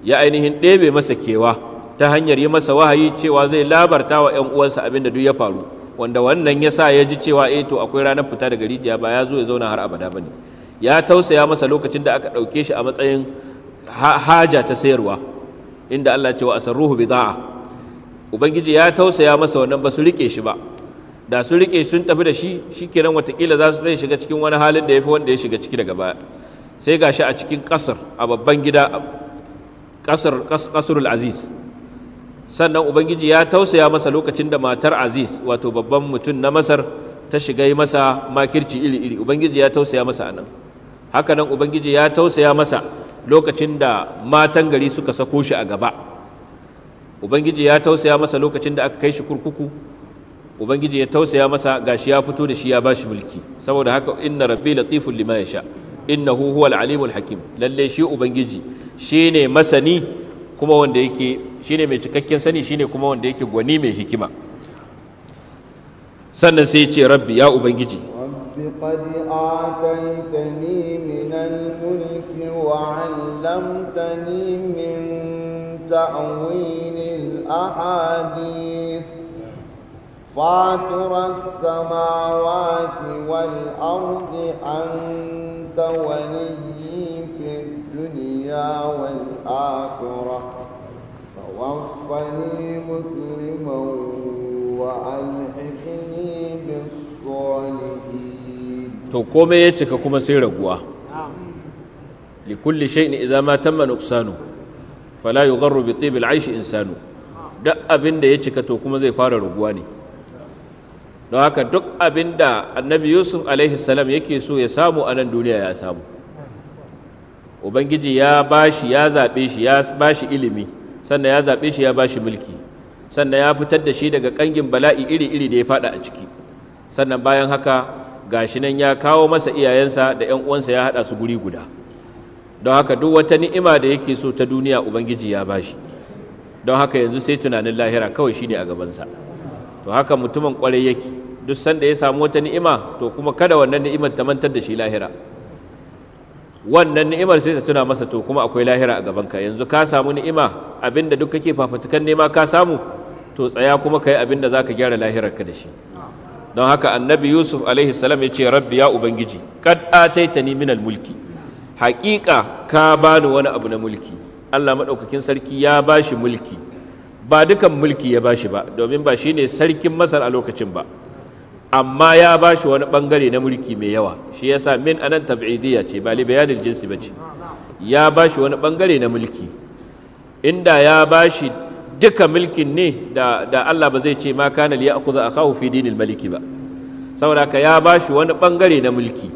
ya ainihin ɗebe masa kewa ta hanyar yi masa wahayi cewa zai labarta wa ‘yan uwansa abin da duk ya faru wanda wannan ya sa ya ji cewa eh to akwai ranar fita daga rijiya ba ya zo ya zauna har abada ba ne ya tausaya masa lokacin da aka ɗauke shi a matsayin haja ta sayarwa inda Allah ce wa bi bida'a ubangiji ya tausaya masa wannan ba su riƙe shi ba da su rike sun tafi da shi shikenan watakila za su zai shiga cikin wani halin da ya fi wanda ya shiga ciki daga baya sai gashi a cikin kasar a babban gida kasar kasarul aziz sannan ubangiji ya tausaya masa lokacin da matar aziz wato babban mutum na masar ta shiga masa makirci iri iri ubangiji ya tausaya masa anan haka nan ubangiji ya tausaya masa lokacin da matan gari suka sako shi a gaba ubangiji ya tausaya masa lokacin da aka kai shi kurkuku ubangiji ya tausaya masa gashi ya fito da shi ya bashi mulki saboda haka inna rabbi latiful lima yasha innahu huwal alimul hakim lalle shi ubangiji shine masani kuma wanda yake shine mai cikakken sani shine kuma wanda yake gwani mai hikima sannan sai ya ce rabbi ya ubangiji قد آتيتني من الملك وعلمتني من تأويل الأحاديث فاطر السماوات والأرض أنت ولي في الدنيا والآخرة فوفني مسلما وألحقني بالصالحين تقوم يتك كما سيرقوا لكل شيء إذا ما تم نقصانه فلا يغر بطيب العيش إنسانه duk abin da ya cika to kuma zai fara ruguwa ne don haka duk abin da annabi yusuf alaihi salam yake so ya samu a nan duniya ya samu ubangiji ya bashi ya zaɓe shi ya bashi ilimi sannan ya zaɓe shi ya bashi mulki sannan ya fitar da shi daga ƙangin bala'i iri-iri da ya faɗa a ciki sannan bayan haka gashi nan ya kawo masa iyayensa da 'yan uwansa ya haɗa su guri guda don haka duk wata ni'ima da yake so ta duniya ubangiji ya bashi don haka yanzu sai tunanin lahira kawai shine a gabansa to haka mutumin kwarai yake duk sanda ya samu wata ni'ima to kuma kada wannan ni'imar ta mantar da shi lahira wannan ni'imar sai ta tuna masa to kuma akwai lahira a gabanka yanzu ka samu ni'ima abinda duk kake fafutukan nema ka samu to tsaya kuma kai abinda zaka gyara lahirarka da shi don haka annabi yusuf alaihi salam ya ce rabbi ya ubangiji kad ataitani minal mulki haƙiƙa ka bani wani abu na mulki allah maɗaukakin sarki ya bashi mulki ba dukan mulki ya bashi ba domin ba shine sarkin masar a lokacin ba amma ya ba shi wani bangare na mulki mai yawa shi yasa min anan tab'idiyya ce ba li bayanil jinsi bace ya ba shi wani bangare na mulki inda ya ba shi duka mulkin ne da, Allah ba zai ce ma kana li ya'khudha akahu fi dinil maliki ba saboda ka ya ba shi wani bangare na mulki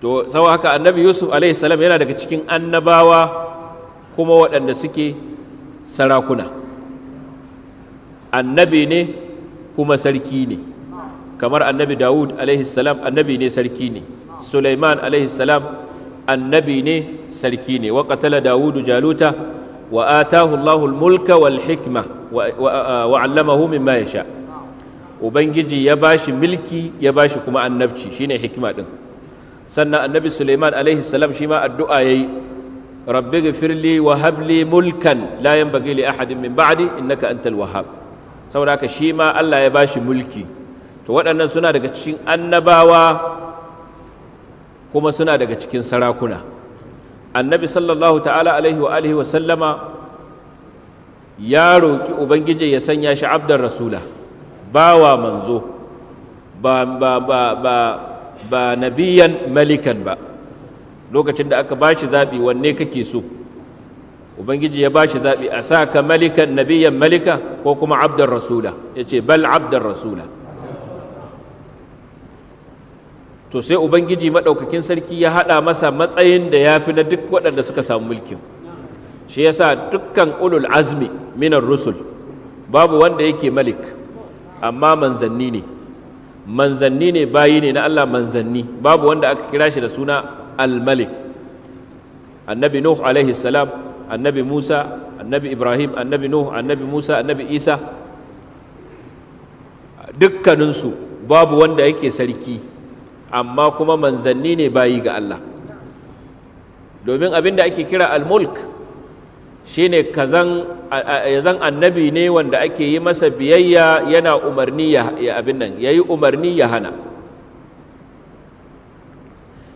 to saboda haka annabi Yusuf alaihi salam yana daga cikin annabawa kuma waɗanda suke sarakuna annabi ne kuma sarki ne kamar annabi Dawud alaihi salam annabi ne sarki ne Sulaiman alaihi salam annabi ne sarki ne wa qatala Dawud Jaluta wa atahu Allahu mulka wal hikma wa 'allamahu mimma yasha ubangiji ya bashi milki ya bashi kuma annabci shine hikima din sannan annabi Suleiman alaihi salam shi ma addu'a yayi rabbi ghfirli wa habli mulkan la yanbaghi li ahadin min ba'di innaka antal wahhab saboda haka shi ma Allah ya ba shi mulki to waɗannan suna daga cikin annabawa kuma suna daga cikin sarakuna annabi sallallahu ta'ala alaihi wa alihi wa sallama ya roƙi ubangiji ya sanya shi abdar rasula bawa manzo ba ba ba ba ba nabiyan malikan ba lokacin da aka bashi zaɓi wanne kake so ubangiji ya bashi zaɓi a sa ka malikan nabiyyan malika ko kuma abdan rasula yace bal abdar rasula to sai ubangiji madaukakin sarki ya haɗa masa matsayin da yafi na duk waɗanda suka samu mulkin shi yasa dukkan ulul azmi minar rusul babu wanda yake malik amma manzanni ne manzanni ne bayi ne na Allah manzanni babu wanda aka kira shi da suna al-malik annabi nuh alaihi salam annabi Musa annabi Ibrahim annabi Nuhu, annabi Musa annabi Isa dukkaninsu babu wanda yake sarki amma kuma manzanni ne bayi ga Allah domin abin da ake kira al-mulk shine kazan annabi ne wanda ake yi masa biyayya yana umarni ya abin nan yayi umarni ya hana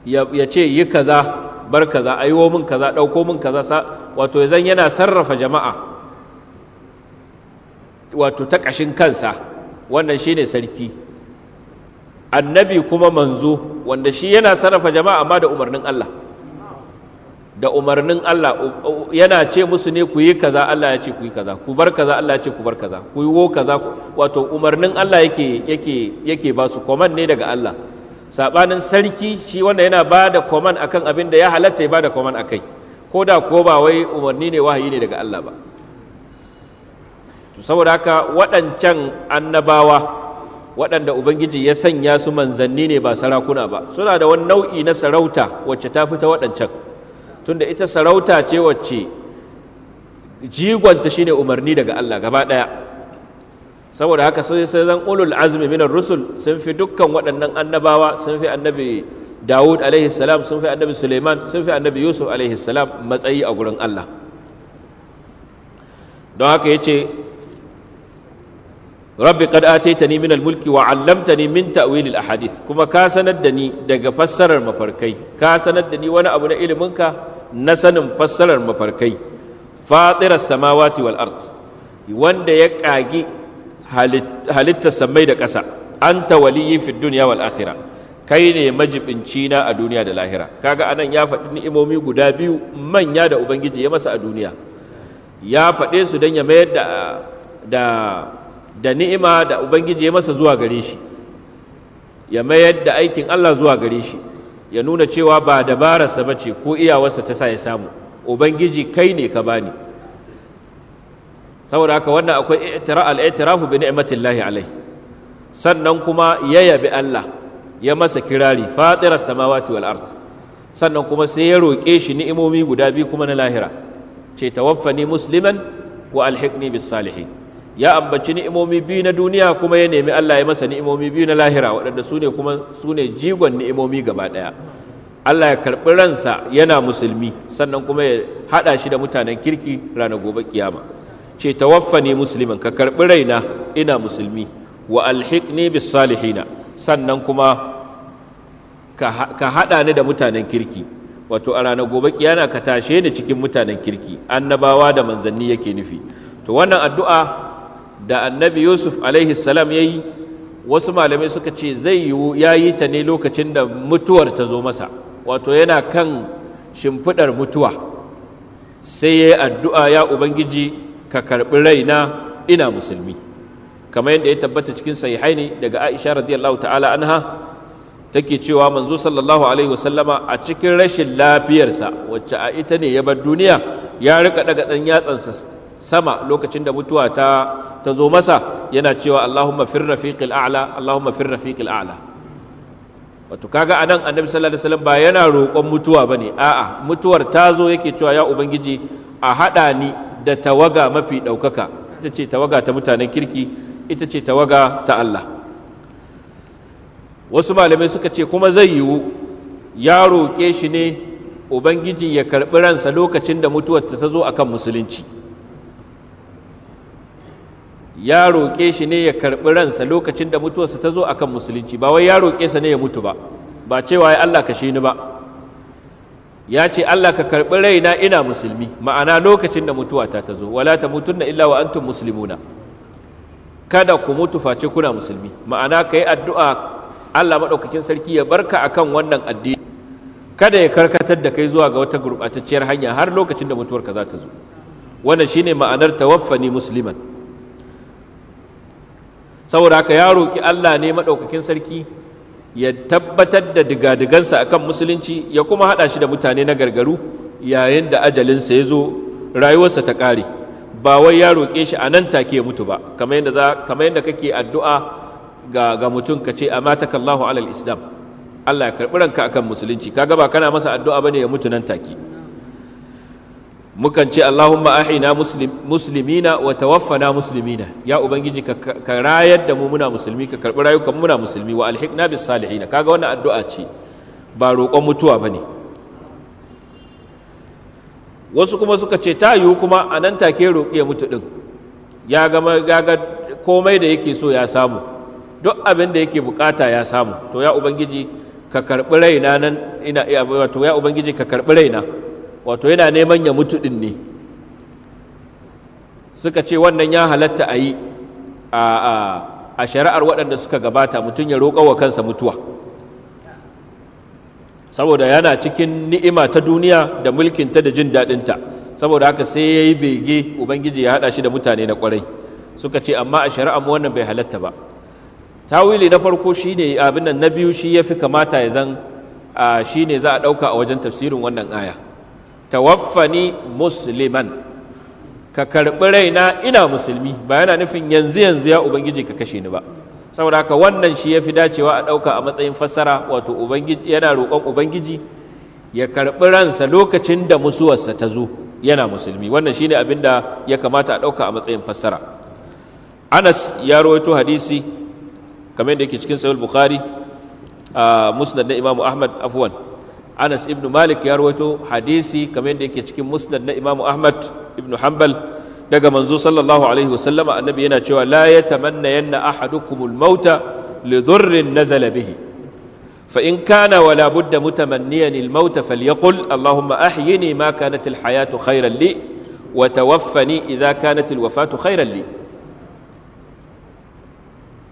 ya ce yi kaza bar kaza aiwo min kaza ɗauko min kaza wato zan yana sarrafa jama'a wato ta ƙashin kansa wannan shi ne sarki annabi kuma manzo wanda shi yana sarrafa jama'a amma da umarnin Allah da umarnin Allah yana ce musu ne ku yi kaza Allah ya ce ku yi kaza ku bar kaza Allah ya ce ku bar kaza ku yi wo kaza wato umarnin Allah yake yake yake ba su ne daga Allah sabanin sarki shi wanda yana ba da koman akan abin da ya halatta ya ba da koman akai ko da ko ba wai umarni ne wahayi ne daga Allah ba to saboda haka waɗancan annabawa waɗanda ubangiji ya sanya su manzanni ne ba sarakuna ba suna da wani nau'i na sarauta wacce ta fi ta waɗancan tunda ita sarauta ce wacce jigonta shine umarni daga Allah gaba ɗaya saboda haka sai sai zan ulul azmi minar rusul sun fi dukkan waɗannan annabawa sun fi annabi Dawud alaihi salam sun fi annabi Suleiman sun fi annabi Yusuf alaihi salam matsayi a gurin Allah don haka ya ce rabbi qad ataitani min al-mulki wa 'allamtani min ta'wil al-ahadith kuma ka sanar da ni daga fassarar mafarkai ka sanar da ni wani abu na iliminka na sanin fassarar mafarkai fatiras samawati wal ard wanda ya kage. halitta samai da ƙasa anta waliyyi yi dunya wal ahira kai ne majibinci na a duniya da lahira kaga anan ya faɗi ni'imomi guda biyu manya da ubangiji ya masa a duniya ya faɗe su don ya mayar da da da ni'ima da ubangiji ya masa zuwa gare shi ya mayar da aikin Allah zuwa gare shi ya nuna cewa ba dabararsa bace ko iyawarsa ta sa ya samu ubangiji kai ne ka bani saboda haka wannan akwai al-i'tirafu bi ni'matillahi alai sannan kuma ya yabi Allah ya masa kirari fatirar samawati wal sannan kuma sai ya roƙe shi ni'imomi guda biyu kuma na lahira ce tawaffani musliman wa alhiqni bis ya ambaci ni'imomi biyu na duniya kuma ya nemi Allah ya masa ni'imomi biyu na lahira waɗanda su ne kuma su ne jigon ni'imomi gaba ɗaya Allah ya karɓi ransa yana musulmi sannan kuma ya haɗa shi da mutanen kirki ranar gobe kiyama ce tawaffani musulman ka karɓi raina ina musulmi wa alhiqni bis salihina sannan kuma ka haɗa ni da mutanen kirki wato a ranar gobe kiyana ka tashe ni cikin mutanen kirki annabawa da manzanni yake nufi to wannan addu'a da annabi yusuf alaihi salam ya yi wasu malamai suka ce zai yiwu ya yi ta ne lokacin da mutuwar ta zo masa wato yana kan shimfiɗar mutuwa sai ya yi addu'a ya ubangiji ka karɓi raina ina musulmi kamar yadda ya tabbata cikin sahihai ne daga aisha radiyallahu ta'ala anha take cewa manzo sallallahu alaihi wasallama a cikin rashin lafiyarsa wacce a ita ne ya bar duniya ya rika daga dan yatsansa sama lokacin da mutuwa ta ta zo masa yana cewa Allahumma fir rafiqil a'la Allahumma fir rafiqil a'la wato kaga anan annabi sallallahu alaihi wasallam ba yana roƙon mutuwa bane a'a mutuwar ta zo yake cewa ya ubangiji a haɗa ni da tawaga mafi ɗaukaka ita ce tawaga ta mutanen kirki ita ce tawaga ta Allah wasu malamai suka ce kuma zai yiwu ya roƙe shi ne ubangiji ya karɓi ransa lokacin da mutuwar ta zo kan musulunci ya roƙe shi ne ya karɓi ransa lokacin da mutuwarsa ta zo kan musulunci ba wai ya roƙe sa ne ya mutu ba ba cewa ya Allah kashe ni ba ya ce Allah ka karɓi raina ina musulmi ma'ana lokacin da mutuwa ta zo wala ta mutunna illa wa antum muslimuna kada ku mutu face kuna musulmi ma'ana ka yi addu'a Allah maɗaukakin sarki ya barka akan wannan addini kada ya karkatar da kai zuwa ga wata gurɓatacciyar hanya har lokacin da mutuwarka za ta zo wannan shine ma'anar tawaffani musliman saboda haka ya roƙi Allah ne maɗaukakin sarki ya tabbatar da digadigansa akan musulunci ya kuma haɗa shi da mutane na gargaru yayin da ajalinsa ya zo rayuwarsa ta kare ba wai ya roƙe shi a nan take mutu ba kamar yadda kake addu'a ga, ga mutum ka ce Allahu alal islam Allah ya karɓi ranka akan musulunci kaga ba kana masa addu'a bane ya mutu nan take mukan ce Allahumma ahina muslimina wa tawaffana muslimina ya ubangiji ka rayar da mu muna musulmi ka karbi rayukan muna musulmi wa alhiqna bis salihin kaga wannan addu'a ce ba roƙon mutuwa bane wasu kuma suka ce ta yiwu kuma a nan take roƙi ya mutu din ya ga komai da yake so ya samu duk abin da yake bukata ya samu to ya ubangiji ka karbi raina nan ina wato ya ubangiji ka karbi raina wato yana neman ya mutu din ne suka ce wannan ya halatta a yi a shari'ar waɗanda suka gabata mutum ya roƙa wa kansa mutuwa saboda yana cikin ni'ima ta duniya da mulkinta da jin daɗinta saboda haka sai ya yi bege ubangiji ya haɗa shi da mutane na ƙwarai suka ce amma a shari'ar wannan bai halatta ba tawili na farko shi ne abin nan na biyu shi ya fi kamata ya zan shi ne za a ɗauka a wajen tafsirin wannan aya tawaffani musliman ka karɓi raina ina musulmi ba yana nufin yanzu yanzu ya ubangiji ka kashe ni ba saboda haka wannan shi ya fi dacewa a ɗauka a matsayin fassara wato yana roƙon ubangiji ya karɓi ransa lokacin da musuwarsa ta zo yana musulmi wannan shi ne abin da ya kamata a ɗauka a matsayin fassara anas ya rawaito hadisi kamar yadda yake cikin sahih bukhari a musnad na imamu ahmad afwan anas ibn malik ya rawaito hadisi kamar yadda yake cikin musnad na imam ahmad ibn hanbal daga manzo sallallahu alaihi wasallama annabi yana cewa la yatamanna yanna ahadukumul mauta li dhurrin nazala bihi fa in kana wala budda mutamanniyan al mauta falyaqul allahumma ahyini ma kanat al hayatu khayran li wa tawaffani idha kanat al wafatu khayran li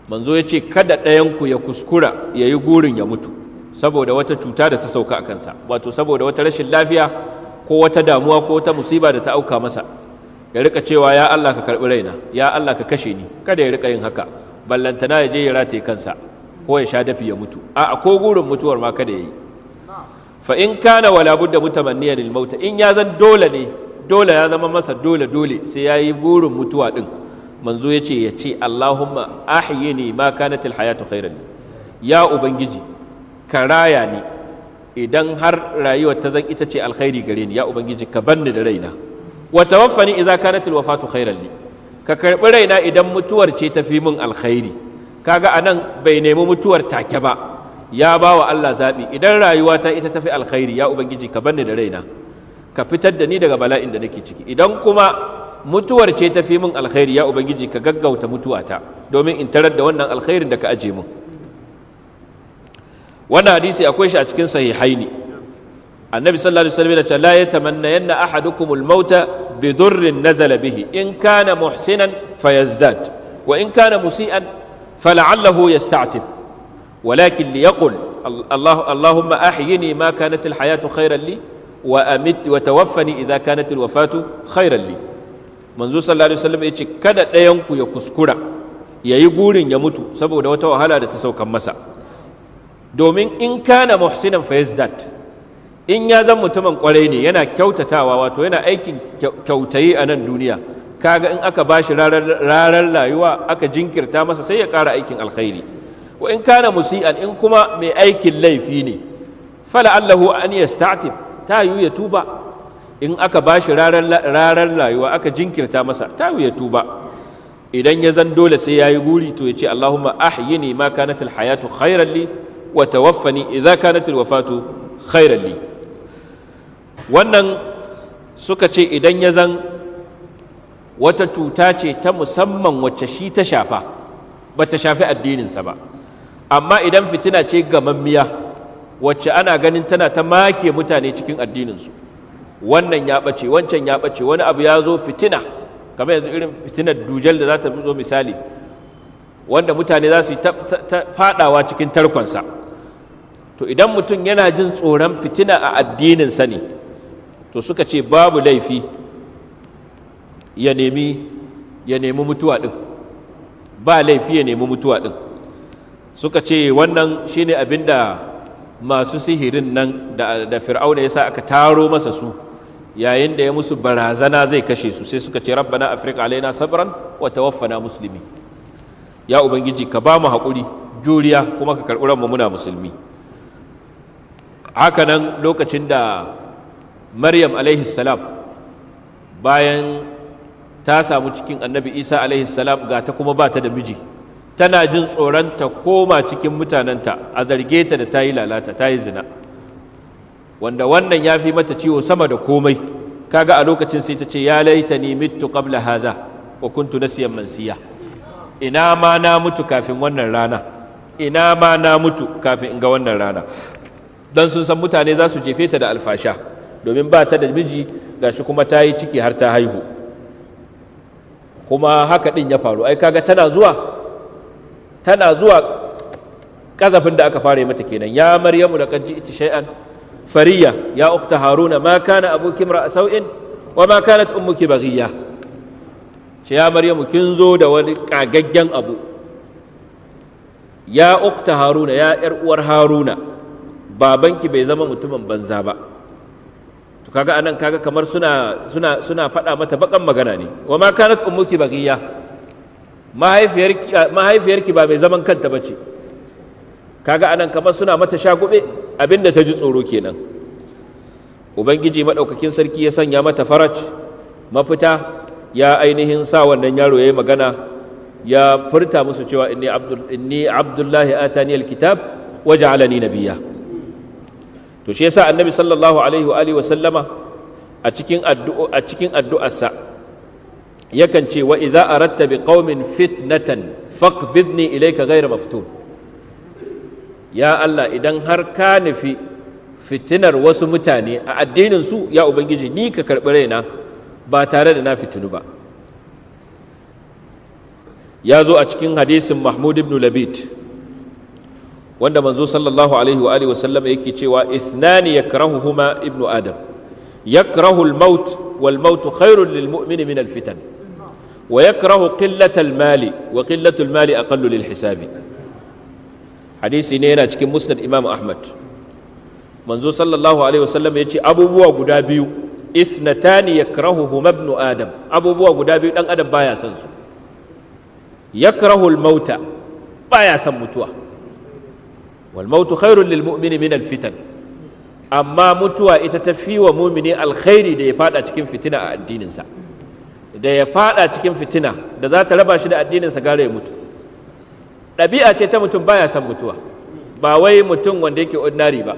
manzo yace kada ɗayanku ku ya kuskura yayi gurin ya mutu saboda wata cuta da ta sauka a kansa wato saboda wata rashin lafiya ko wata damuwa ko wata musiba da ta auka masa ya rika cewa ya Allah ka karbi raina ya Allah ka kashe ni kada ya rika yin haka ballantana ya je ya rataye kansa ko ya sha dafi ya mutu a ko gurin mutuwar ma kada yayi fa in kana wala budda mutamanniyan lil maut in ya zan dole ne dole ya zama masa dole dole sai yayi burin mutuwa din manzo yace yace Allahumma ahyini ma kanatil hayatu khairan ya ubangiji ka raya ni idan har rayuwar ta zan ita ce alkhairi gare ni ya ubangiji ka banni da raina wa tawaffani idza kanat alwafatu khairan li ka karbi raina idan mutuwar ce ta fi min alkhairi kaga anan bai nemi mutuwar take ba ya ba wa Allah zabi idan rayuwa ta ita tafi alkhairi ya ubangiji ka banni da raina ka fitar da ni daga bala'in da nake ciki idan kuma mutuwar ce ta fi min alkhairi ya ubangiji ka gaggauta mutuwata domin in tarar da wannan alkhairin da ka aje mun. wannan hadisi akwai shi a cikin sahihaini annabi sallallahu alaihi wasallam ya ce la yatamanna yanna ahadukumul mauta bi durrin nazala bihi in kana muhsinan fayazdad wa in kana musian fala'allahu yasta'tib ولكن ليقل الله اللهم احيني ما كانت الحياه خيرا لي وامت وتوفني اذا كانت الوفاه خيرا لي manzo sallallahu alaihi wasallam yace kada ɗayan ku ya kuskura yayi gurin ya mutu saboda wata wahala da ta saukan masa domin in kana muhsinan fayazdat in ya zan mutumin kwarai ne yana kyautatawa wato yana aikin kyautayi a nan duniya kaga in aka bashi rarar rayuwa aka jinkirta masa sai ya kara aikin alkhairi wa in kana musi'an in kuma mai aikin laifi ne fala allahu an yasta'tib ta yu ya tuba in aka bashi rarar rayuwa aka jinkirta masa ta yu ya tuba idan ya zan dole sai yayi guri to ya ce allahumma ahyini ma kanat hayatu khairan li wa tawaffani idza kanat alwafatu khairan li wannan suka ce idan ya zan wata cuta ce ta musamman wacce shi ta shafa ba ta shafi addininsa ba amma idan fitina ce ga gamammiya wacce ana ganin tana ta make mutane cikin addininsu wannan ya ɓace wancan ya ɓace wani abu ya zo fitina kamar yanzu irin fitinar dujal da za ta zo misali wanda mutane za su yi faɗawa cikin tarkonsa to idan mutum yana jin tsoron fitina a addininsa ne to suka ce babu laifi ya nemi ya nemi mutuwa ɗin ba laifi ya nemi mutuwa ɗin suka ce wannan shine abin da masu sihirin nan da, da fir'auna ya sa aka taro masa su yayin da ya musu barazana zai kashe su sai suka ce rabbana afrika alaina sabran wa tawaffana Musulmi. ya ubangiji ka ba mu haƙuri juriya kuma ka karɓi mu muna musulmi haka nan lokacin da maryam alaihi salam bayan ta samu cikin annabi isa alaihi salam ga ta kuma ba ta da miji tana jin tsoron ta koma cikin mutanenta a zarge ta da ta yi lalata ta yi zina wanda wannan ya fi mata ciwo sama da komai kaga a lokacin sai ta ce ya laita ni mittu qabla hadha wa kuntu nasiyan mansiya ina ma na mutu kafin wannan rana ina ma na mutu kafin in ga wannan rana don sun san mutane za su jefe ta da alfasha domin ba ta da miji gashi kuma ta yi ciki har ta haihu kuma haka ɗin ya faru ai kaga tana zuwa tana zuwa da aka fara mata kenan ya maryamu da kanji ita shay'an fariya ya ukhta haruna ma kana abuki mar'a sau'in wa ma kanat ummuki baghiya ce ya maryamu kin zo da wani kagaggen abu ya ukhta haruna ya yar uwar haruna babanki bai zama mutumin banza ba to kaga anan kaga kamar suna suna suna faɗa mata bakan magana ne wa ma kanat ummuki baghiya mahaifiyarki mahaifiyarki ba mai zaman kanta bace kaga anan kamar suna mata shagube abinda ta ji tsoro kenan ubangiji madaukakin sarki ya sanya mata faraj mafita ya ainihin sa wannan yaro yayi magana ya furta musu cewa inni abdullahi atani alkitab waja'alani nabiyya to shi yasa annabi sallallahu alaihi wa alihi wa sallama a cikin addu'o a cikin addu'arsa yakan ce wa idza aratta bi qaumin fitnatan faqbidni ilayka ghayra maftun ya Allah idan har ka nufi fitinar wasu mutane a addinin su ya ubangiji ni ka karbi raina ba tare da na fitinu ba ya zo a cikin hadisin mahmud ibn labid wanda manzo sallallahu alaihi wa alihi wasallam yake cewa ithnani yakrahuhuma ibnu adam yakrahu al-maut wal maut khairun lil mu'min min al-fitan wa yakrahu qillat al-mali wa qillat al-mali aqallu lil hisabi hadisi ne yana cikin musnad imam ahmad manzo sallallahu alaihi wa wasallam yace abubuwa guda biyu ithnatani yakrahuhuma ibnu adam abubuwa guda biyu dan adam baya son su yakrahu al-mauta baya son mutuwa walmautu mautu khairul lil mu'mini min al fitan amma mutuwa ita ta fiwa wa mumini alkhairi da ya faɗa cikin fitina a addininsa da ya fada cikin fitina da za ta raba shi da addininsa gara ya mutu ɗabi'a ce ta mutum baya son mutuwa ba wai mutum wanda yake ordinary ba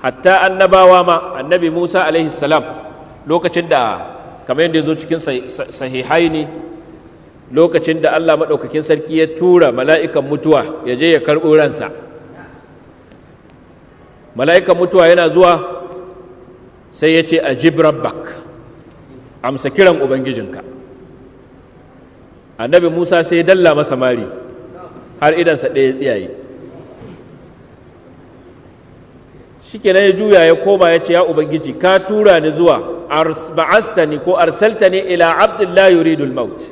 hatta annabawa ma annabi musa alaihi salam lokacin da kamar yadda ya zo cikin sahihai ne lokacin da allah maɗaukakin sarki ya tura mala'ikan mutuwa ya je ya karɓo ransa mala'ikan mutuwa yana zuwa sai ya ce ajib rabbak amsa kiran ubangijinka annabi musa sai ya dalla masa mari har sa ɗaya tsiyaye shi ya juya ya koma ya ce ya ubangiji ka tura ni zuwa ba'astani ko arsalta ni ila abdullahi yuridul maut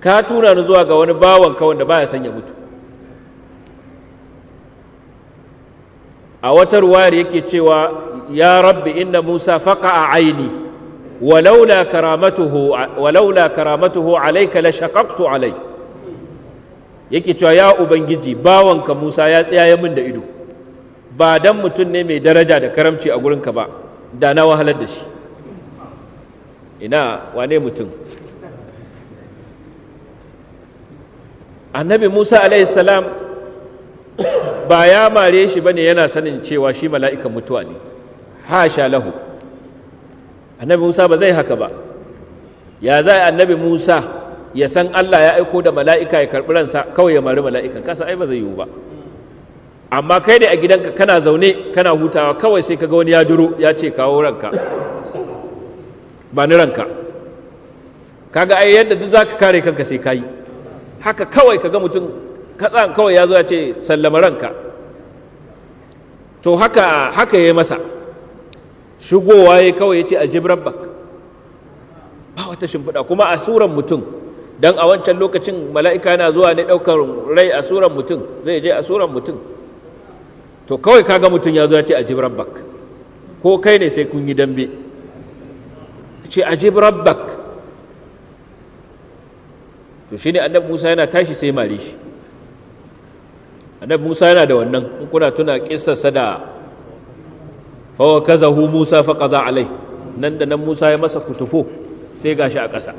ka tura ni zuwa ga wani bawanka wanda baya son ya mutu a wata ruwayar yake cewa ya rabbi inna musa faka a aini walaula karamatuhu walaula la shaqaqtu alai yake cewa ya ubangiji bawanka musa ya tsaya min da ido ba dan mutum ne mai daraja da karamci a gurinka ba da na wahalar da shi ina wane mutum annabi musa alaihi salam ba ya mare shi ne yana sanin cewa shi mala'ikan mutuwa ne hasha lahu annabi Musa ba zai haka ba ya zai annabi Musa ya san Allah ya aiko da mala'ika ya karɓi ransa kawai ya mari mala'ikan kasa ai ba zai yi ba amma kai ne a gidanka kana zaune kana hutawa kawai sai kaga wani ya duro ya ce kawo ranka ba ni ranka kaga ai yadda duk zaka kare kanka sai ka yi. haka kawai ka ga mutum katsan kawai ya zo ya ce sallama ranka to haka haka ya masa shigowa ya kawai ya ce a rabbak ba wata shimfiɗa kuma a suran mutum don a wancan lokacin mala'ika na zuwa ne ɗaukar rai a suran mutum zai je a suran mutum to kawai kaga mutum ya zo ya ce a rabbak ko kai ne sai kun yi dambe ce a rabbak to shi ne annabi musa yana tashi sai mare shi annabi Musa yana da wannan in kuna tuna kissarsa da fawa kazahu Musa fa qaza alai nan da nan Musa ya masa kutufo sai gashi a ƙasa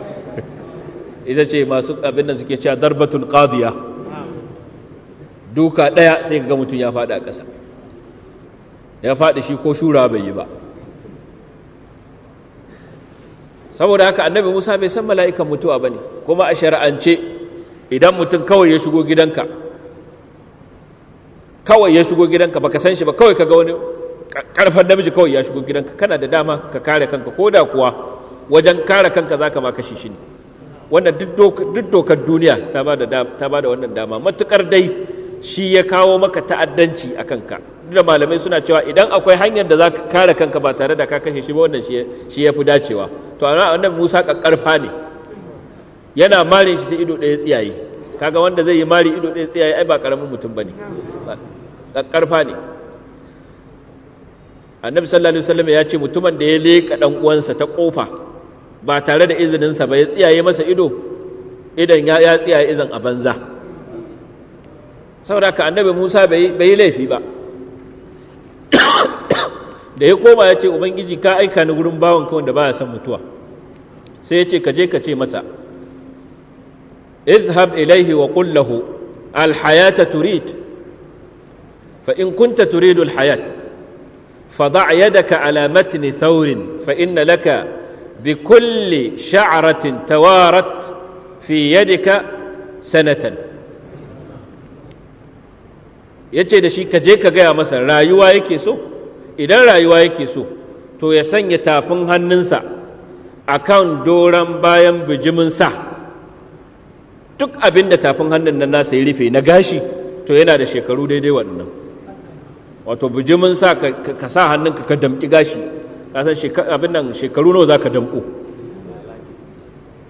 ita ce masu abin nan suke cewa darbatun qadiya duka daya sai ga mutum ya faɗi a ƙasa ya faɗi shi ko shura bai yi ba saboda haka annabi musa bai san mala'ikan mutuwa ba ne kuma a shari'ance idan mutum kawai ya shigo gidanka kawai ya shigo gidanka baka san shi ba kawai kaga wani karfan namiji kawai ya shigo gidanka kana da dama ka kare kanka ko da kuwa wajen kare kanka zaka ma kashe shi ne wannan duk dokar duniya ta ba da wannan dama matukar dai shi ya kawo maka ta'addanci a kanka da malamai suna cewa idan akwai hanyar da za ka kare kanka ba tare da ka kashe shi ba wannan shi ya fi dacewa to a wannan musa kakkarfa ne yana marin shi sai ido ɗaya tsiyaye kaga wanda zai yi mari ido ɗaya tsiyaye ai ba karamin mutum ba ne ƙarfa ne annabi sallallahu alaihi ya ce mutumin da ya leƙa ɗan'uwansa uwansa ta ƙofa ba tare da izininsa ba ya tsiyaye masa ido idan ya ya tsiyaye izin a banza saboda ka annabi Musa bai bai laifi ba da ya koma ya ce ubangiji ka aika ni gurin bawon ka wanda baya son mutuwa sai ya ce ka je ka ce masa izhab ilaihi wa qul alhayata al turid fa in kunta turidu alhayat fada' yadaka ala matni thawrin fa inna laka bi kulli tawarat yadika sanatan yace da shi ka je ka gaya masa rayuwa yake so idan rayuwa yake so to ya sanya tafin hannunsa kan doron bayan bijiminsa duk abin da tafin hannun nan nasa ya rufe na gashi to yana da shekaru daidai waɗannan wato bijimin sa ka sa hannunka ka damƙi gashi ka san abin nan shekaru nawa za ka damƙo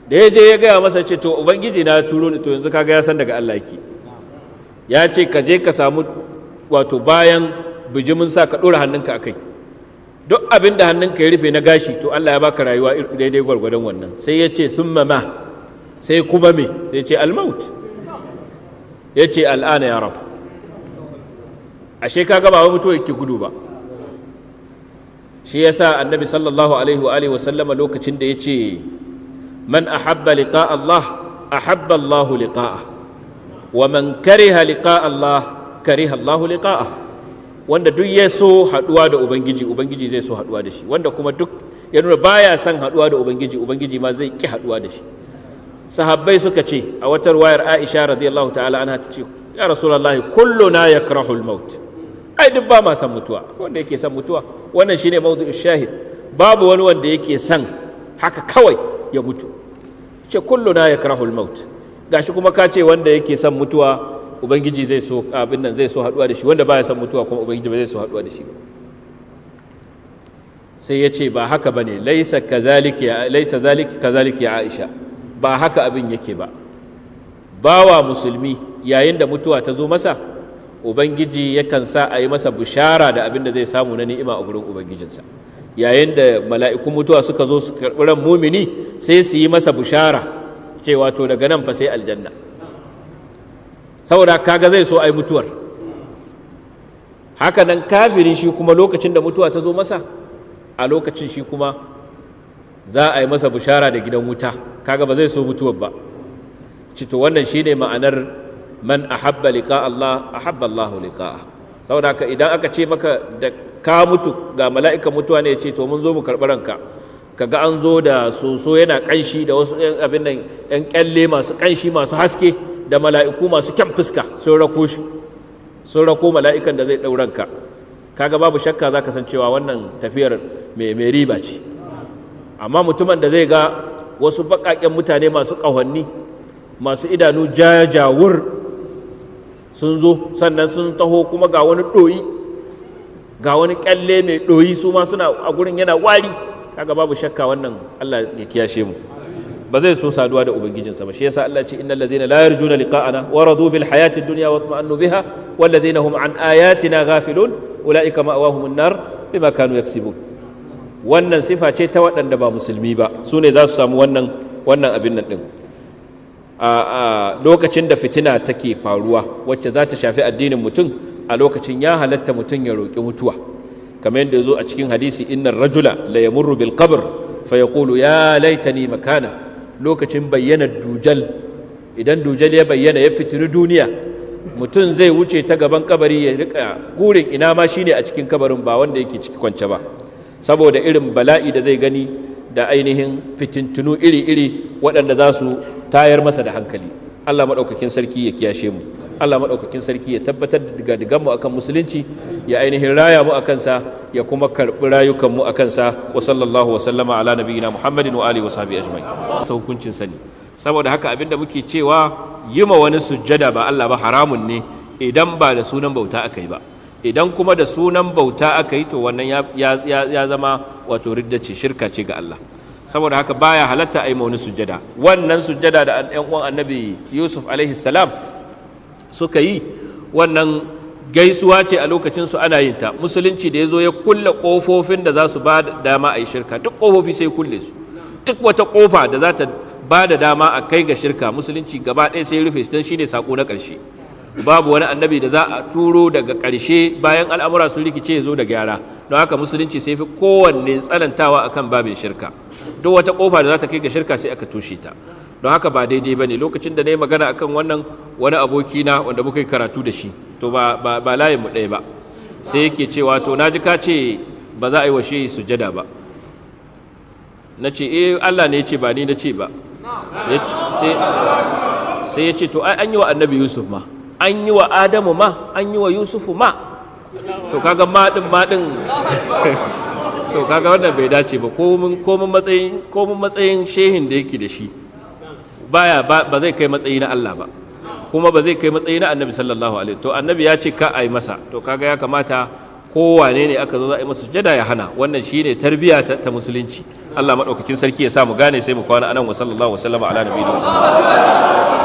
da ya je ya gaya masa ce to ubangiji na turo ni to yanzu kaga ya san daga Allah yake ya ce ka je ka samu wato bayan bijimin sa ka ɗora hannunka a kai duk abin da hannunka ya rufe na gashi to Allah ya baka rayuwa daidai gwargwadon wannan sai ya ce sun mama sai kuma me sai ce almaut ya ce al'ana ya rabu ashe kaga ba mutuwa yake gudu ba shi yasa annabi sallallahu alaihi wa alihi wasallama lokacin da yace man ahabba liqa Allah ahabba Allah liqa'a wa man kariha liqa Allah kariha Allah liqa'a wanda duk ya so haduwa da ubangiji ubangiji zai so haduwa da shi wanda kuma duk ya nuna baya son haduwa da ubangiji ubangiji ma zai ki haduwa da shi sahabbai suka ce a watar wayar Aisha radiyallahu ta'ala anha ta ce ya rasulullahi kulluna yakrahu al-maut ai duk ba ma san mutuwa wanda yake san mutuwa wannan shine mawdu'u shahid babu wani wanda yake san haka kawai ya mutu ce na yakrahu al-maut gashi kuma ka ce wanda yake san mutuwa ubangiji zai so abin nan zai so haduwa da shi wanda baya san mutuwa kuma ubangiji ba zai so haduwa da shi sai ya ce ba haka ba ya laisa zaliki kazaliki ya aisha ba haka abin yake ba bawa musulmi yayin da mutuwa ta zo masa ubangiji yakan sa a yi masa bushara da abin da zai samu na ni'ima a gurin ubangijinsa yayin da mala'ikun mutuwa suka zo su karɓuran mumini sai su yi masa bushara cewa to daga nan fa sai aljanna saboda kaga zai so ai mutuwar haka nan kafiri shi kuma lokacin da mutuwa ta zo masa a lokacin shi kuma za a yi masa bushara da gidan wuta kaga ba zai so mutuwar ba cito wannan shine ma'anar man ahabba liqa Allah ahabba Allah liqa saboda ka idan aka ce maka da ka mutu ga mala'ika mutuwa ne ya ce to mun zo mu karɓi ranka kaga an zo da soso yana kanshi da wasu abin nan yan kyalle masu ƙanshi masu haske da mala'iku masu kyan fuska sun rako shi sun rako mala'ikan da zai ka kaga babu shakka za ka san cewa wannan tafiyar mai riba ce amma mutumin da zai ga wasu baƙaƙen mutane masu ƙahonni masu idanu jajawur sun zo sannan sun taho kuma ga wani ɗoyi ga wani ƙyalle mai ɗoyi su ma suna a gurin yana wari kaga babu shakka wannan Allah ya kiyashe mu ba zai so saduwa da ubangijinsa ba shi yasa Allah ce innal ladzina la yarjuna liqa'ana wa radu bil hayati dunya wa tma'annu biha wal ladzina hum an ayatina ghafilun ulaika ma'awahum an-nar bima kanu yaksibun wannan sifa ce ta waɗanda ba musulmi ba su ne za su samu wannan wannan abin nan din a lokacin da fitina take faruwa wacce za ta shafi addinin mutum a lokacin ya halatta mutum ya roƙi mutuwa kamar yadda zo a cikin hadisi innar rajula la yamurru bil qabr fa yaqulu ya laitani makana lokacin bayyana dujal idan dujal ya bayyana ya fitini duniya mutum zai wuce ta gaban kabari ya rika gurin ina ma shine a cikin kabarin ba wanda yake ciki kwance ba saboda irin bala'i da zai gani da ainihin fitintunu iri-iri waɗanda za su tayar masa da hankali Allah maɗaukakin sarki ya kiyashe mu Allah maɗaukakin sarki ya tabbatar da digadigan mu akan musulunci ya ainihin raya mu akan sa ya kuma karɓi rayukan mu akan sa wa sallallahu wa sallama ala nabiyina Muhammadin wa alihi wa sahbihi ajma'in sa hukuncin sani saboda haka abinda muke cewa yi ma wani sujjada ba Allah ba haramun ne idan ba da sunan bauta aka yi ba idan kuma da sunan bauta aka yi to wannan ya zama wato ridda ce shirka ce ga Allah saboda haka baya halatta a yi wani sujjada wannan sujada da ɗan uwan annabi yusuf alaihi salam suka yi wannan gaisuwa ce a lokacin su ana yin ta musulunci da ya zo ya kulle kofofin da za su ba da dama a yi shirka duk kofofi sai kulle su duk wata ƙofa da za ta ba da dama a kai ga shirka musulunci gaba ɗaya sai rufe don shi ne saƙo na ƙarshe babu wani annabi da za a turo daga ƙarshe bayan al'amura sun rikice ya zo da gyara don haka musulunci sai fi kowanne tsanantawa akan babin shirka duk wata ƙofa da za ta kai ga shirka sai aka tushe ta don haka ba daidai ba ne lokacin da na yi magana akan wannan wani abokina wanda muka yi karatu da shi to ba layin mu ɗaya ba sai yake cewa to na ji ka ce ba za a yi wa sujada ba na ce eh Allah ne ya ce ba ni na ce ba sai ya ce to an yi wa annabi yusuf ma an yi wa adamu ma an yi wa yusufu ma to kaga maɗin maɗin to kaga wannan bai dace ba komin matsayin matsayin shehin da yake da shi baya ba zai kai matsayi na Allah ba kuma ba zai kai matsayi na annabi sallallahu alaihi to annabi ya ce ka a yi masa to kaga ya kamata kowane ne aka zo za a yi masa sujada ya hana wannan shine tarbiya ta musulunci Allah madaukakin sarki ya sa mu gane sai mu kwana anan wa sallallahu wa sallama ala nabiyina